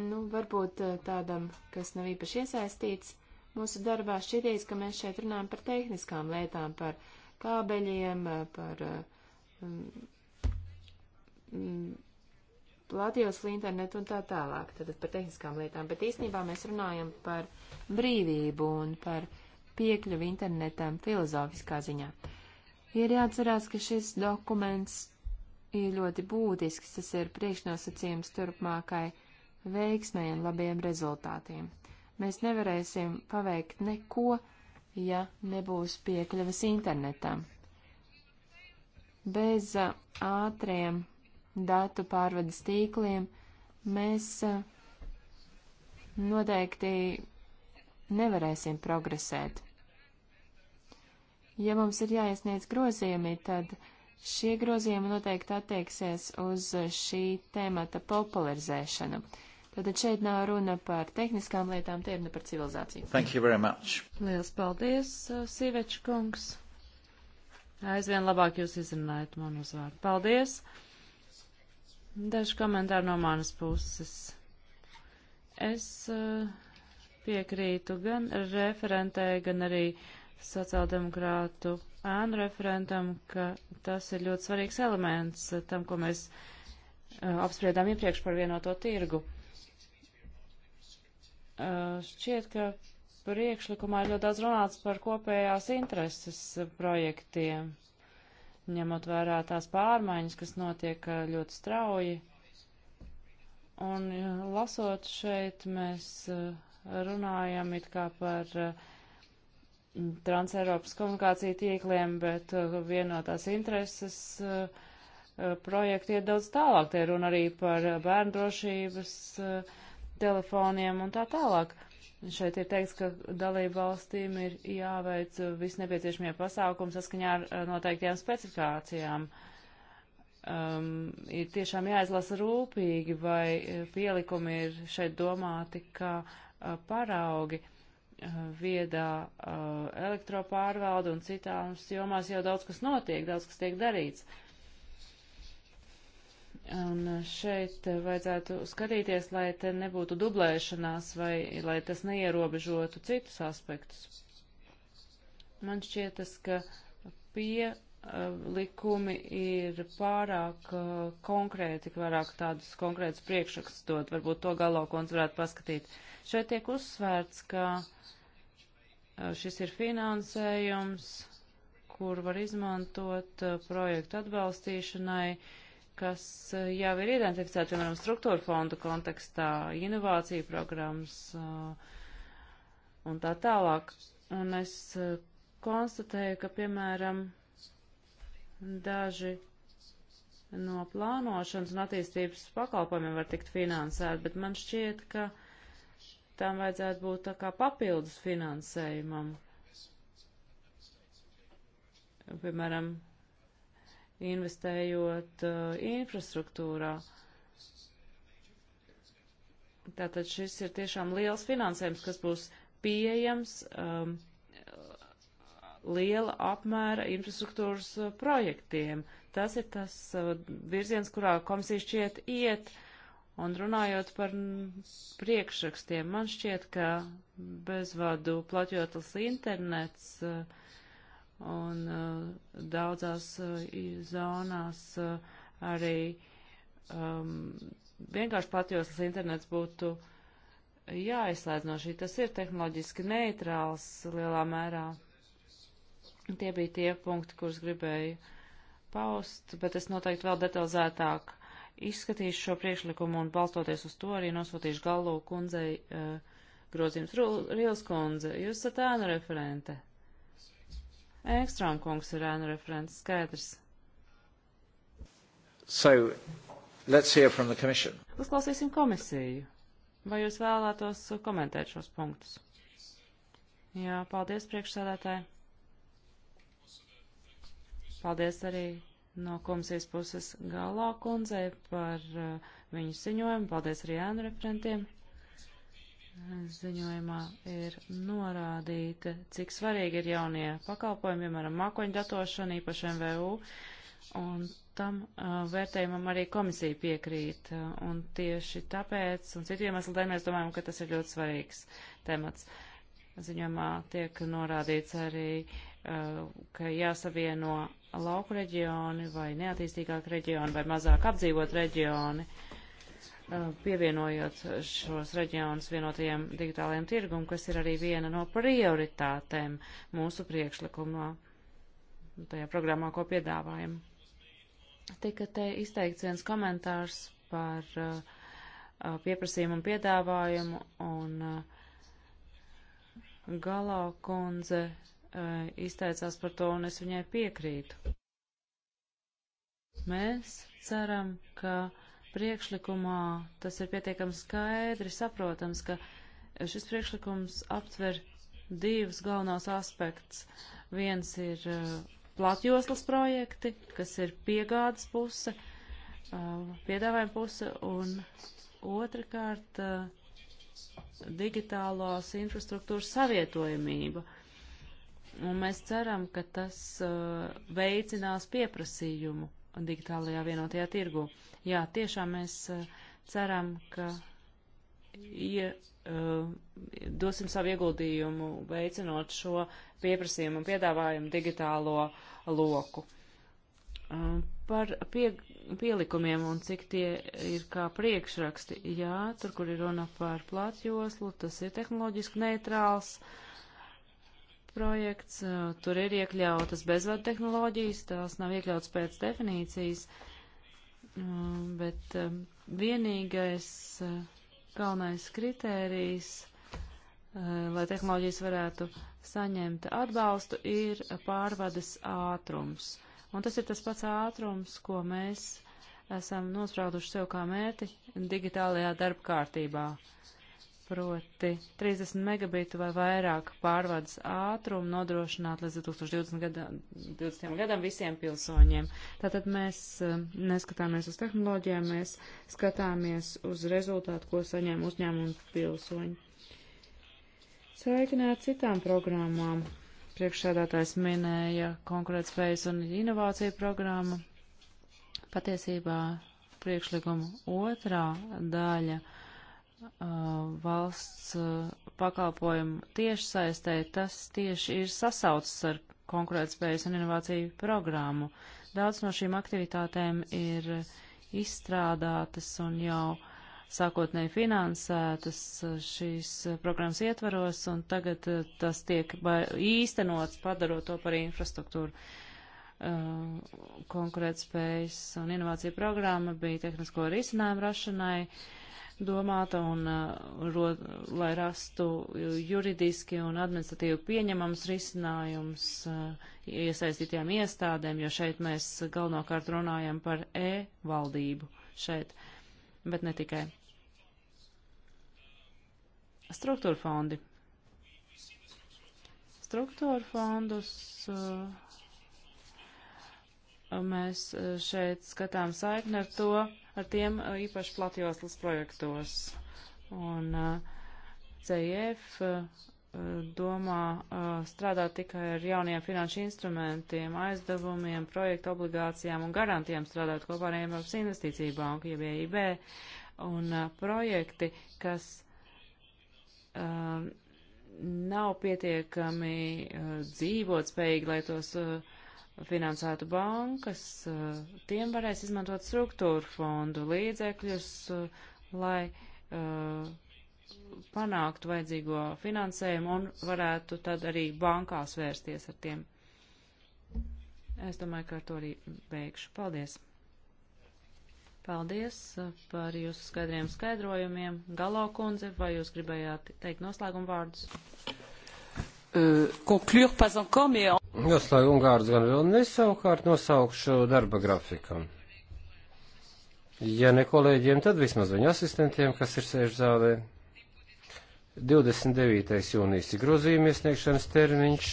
nu, varbūt eh, tādam, kas nav īpaši iesaistīts mūsu darbā, šķitīs, ka mēs šeit runājam par tehniskām lietām, par kābeļiem, eh, par um, eh, mm, platjoslu mm, internetu un tā tālāk, tad par tehniskām lietām, bet īstenībā mēs runājam par brīvību un par piekļuvi internetam filozofiskā ziņā. Ir jāatcerās, ka šis dokuments ir ļoti būtisks, tas ir priekšnosacījums turpmākai veiksmei un labiem rezultātiem. Mēs nevarēsim paveikt neko, ja nebūs piekļuvis internetam. Bez ātriem datu pārvades tīkliem mēs noteikti nevarēsim progresēt. Ja mums ir jāiesniedz grozījumi, tad šie grozījumi noteikti attieksies uz šī temata popularizēšanu. Tātad šeit nav runa par tehniskām lietām, tie ir ne par civilizāciju. Thank you very much. Liels paldies, uh, Sīveča kungs. Aizvien labāk jūs izrunājat manu uzvārdu. Paldies. Daži komentāri no manas puses. Es uh, piekrītu gan referentē, gan arī sociāldemokrātu ēnu referentam, ka tas ir ļoti svarīgs elements tam, ko mēs uh, apspriedām iepriekš par vienoto tirgu Eh, šķiet, ka priekšlikumā ir ļoti daudz runāts par kopējās intereses projektiem, ņemot vērā tās pārmaiņas, kas notiek eh, ļoti strauji. Un eh, lasot šeit, mēs runājam it kā par transeiropas komunikāciju tīkliem, bet vienotās intereses projekti iet daudz tālāk. Tie runa arī par bērnu drošības uh, telefoniem un tā tālāk. Šeit ir teikts, ka dalību valstīm ir jāveic visi nepieciešamie pasākumi saskaņā ar eh, noteiktajām specifikācijām. Um, ir tiešām jāizlasa rūpīgi, vai eh, pielikumi ir šeit domāti kā uh, paraugi viedā uh, elektropārvalda un citās jomās jau daudz kas notiek, daudz kas tiek darīts. Uh, Un šeit vajadzētu skatīties, lai te nebūtu dublēšanās vai lai tas neierobežotu citus aspektus. Man šķietas, ka pie likumi ir pārāk uh, konkrēti, pārāk tādus konkrētus priekšrakstus dot, varbūt to galokons varētu paskatīt. Šeit tiek uzsvērts, ka uh, šis ir finansējums, kur var izmantot uh, projektu atbalstīšanai, uh, kas eh, jau ir identificēti, piemēram, struktūra fondu kontekstā, inovāciju programmas eh, un tā tālāk. Un es eh, konstatēju, ka, piemēram, daži no plānošanas un attīstības pakalpojumiem var tikt finansēti, bet man šķiet, ka tam vajadzētu būt tā kā papildus finansējumam. Piemēram, investējot uh, infrastruktūrā. Tātad šis ir tiešām liels finansējums, kas būs pieejams um, liela apmēra infrastruktūras uh, projektiem. Tas ir tas uh, virziens, kurā komisija šķiet iet. Un runājot par priekšrakstiem, man šķiet, ka bezvadu platjotlas internets uh, un uh, daudzās uh, zonās uh, arī um, vienkārši patjoslas internets būtu jāizslēdz no šī. Tas ir tehnoloģiski neitrāls lielā mērā. Tie bija tie punkti, kurus gribēju paust, bet es noteikti vēl detalizētāk izskatīšu šo priekšlikumu un balstoties uz to arī nosūtīšu galvu kundzei uh, grozījums Rīls kundze. Jūs esat ēnu referente. Ekstrāna kungs ir ēnu referents, skaidrs. So, let's hear from the commission. Uzklausīsim komisiju. Vai jūs vēlētos komentēt šos punktus? Jā, paldies priekšsēdētāji. Paldies arī no komisijas puses galā kundzei par uh, viņu ziņojumu. Paldies arī ēnu referentiem ziņojumā ir norādīta, cik svarīgi ir jaunie pakalpojumi, piemēram, mākoņu datošana, īpaši MVU, un tam uh, vērtējumam arī komisija piekrīt. Un tieši tāpēc, un citu iemeslu dēļ, mēs domājam, ka tas ir ļoti svarīgs temats. Ziņojumā tiek norādīts arī, uh, ka jāsavieno lauku reģioni vai neatīstīgāk reģioni vai mazāk apdzīvot reģioni. Uh, Uh, pievienojot šos reģionus vienotajiem digitālajiem tirgum, kas ir arī viena no prioritātēm mūsu priekšlikumā, tajā programmā, ko piedāvājam. Tika te izteikts viens komentārs par uh, uh, pieprasījumu un piedāvājumu, un galā kundze izteicās par to, un es viņai piekrītu. Mēs ceram, ka uh, priekšlikumā tas ir pietiekami skaidri saprotams, ka šis priekšlikums aptver divus galvenos aspektus. Viens ir uh, platjoslas projekti, kas ir piegādes puse, uh, piedāvājuma puse, un otrkārt uh, digitālās infrastruktūras savietojamība. Un mēs ceram, ka tas veicinās pieprasījumu digitālajā vienotajā tirgu. Jā, tiešām mēs eh, ceram, ka ie, eh, dosim savu ieguldījumu veicinot šo pieprasījumu un piedāvājumu digitālo loku. Eh, par pie, pielikumiem un cik tie ir kā priekšraksti. Jā, tur, kur ir runa par plātjoslu, tas ir tehnoloģiski neitrāls. Uh, projekts, tur ir iekļautas bezvadu tehnoloģijas, tās nav iekļautas pēc definīcijas, bet vienīgais galvenais kritērijs, lai tehnoloģijas varētu saņemt atbalstu, ir pārvades ātrums. Un tas ir tas pats ātrums, ko mēs esam nosprauduši sev kā mērķi digitālajā darba kārtībā. Uh, proti 30 megabitu vai vairāk pārvades ātrumu nodrošināt līdz 2020. Gadam, 20. gadam visiem pilsoņiem. Tātad mēs eh, neskatāmies uz tehnoloģijām, mēs skatāmies uz rezultātu, ko saņem uzņēmumu pilsoņi. Saiknē ar citām programmām. Priekšsēdātājs minēja konkurētspējas un inovāciju programmu. Patiesībā priekšlikuma otrā daļa Uh, valsts uh, pakalpojumu tiešsaistē, tas tieši ir sasaucis ar konkurētspējas un inovāciju programmu. Daudz no šīm aktivitātēm ir izstrādātas un jau sākotnēji finansētas uh, šīs programmas ietvaros, un tagad tas tiek īstenots, padarot to par infrastruktūru. Konkurētspējas un inovācija programma bija tehnisko risinājumu rašanai. Uh, domāta un uh, ro, lai rastu juridiski un administratīvi pieņemams risinājums uh, iesaistītiem iestādēm, jo šeit mēs galvenokārt runājam par e-valdību šeit, bet ne tikai. Struktūra fondi. Struktūra fondus uh, mēs šeit skatām saikni ar to, ar tiem īpaši platjoslas projektos. Un CIF domā strādāt tikai ar jauniem finanšu instrumentiem, aizdevumiem, projektu obligācijām un garantijām strādāt kopā ar Eiropas investīciju banku, jeb EIB, un projekti, kas nav pietiekami dzīvotspējīgi, lai tos uh, finansētu bankas, eh, tiem varēs izmantot struktūru fondu līdzekļus, eh, lai eh, panāktu vajadzīgo finansējumu un varētu tad arī bankās vērsties ar tiem. Es domāju, ka ar to arī beigšu. Paldies! Paldies par jūsu skaidriem skaidrojumiem. Galo kundze, vai jūs gribējāt teikt noslēgumu vārdus? Uh, conclure, pas encore, mais... Joslāju Ungārs gan vēl nesavukārt nosaukšu darba grafikam. Ja ne kolēģiem, tad vismaz viņu asistentiem, kas ir sēž zālē. 29. jūnijas ir grozījuma iesniegšanas termiņš,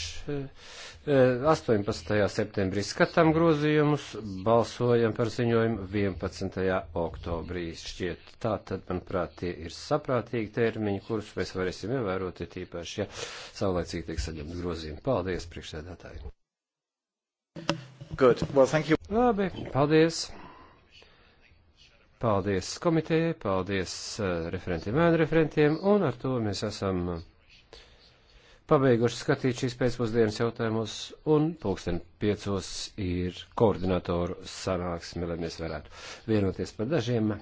18. Eh, septembrī skatām grozījumus, balsojam par ziņojumu 11. oktobrī. Šķiet, tā tad, manuprāt, tie ir saprātīgi termiņi, kurus mēs varēsim ievērot, ir tīpaši, ja saulēcīgi tiek saņemts grozījumi. Paldies, priekšsēdētāji! Good. Well, thank you. Labi, paldies. Paldies komitejai, paldies eh, referentiem, ēnu referentiem, un ar to mēs esam pabeiguši skatīt šīs pēcpusdienas jautājumus, un pulksten piecos ir koordinatoru sanāksme, lai mēs varētu vienoties par dažiem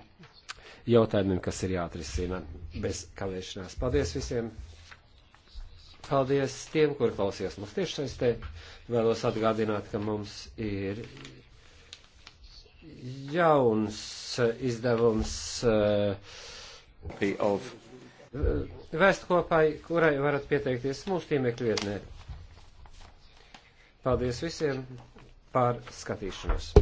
jautājumiem, kas ir jāatrisina bez kavēšanās. Paldies visiem! Paldies tiem, kuri klausījās mums tiešsaistē. Vēlos atgādināt, ka mums ir jauns izdevums. Uh, of vēstkopai, kurai varat pieteikties mūsu tīmekļu vietnē. Paldies visiem par skatīšanos!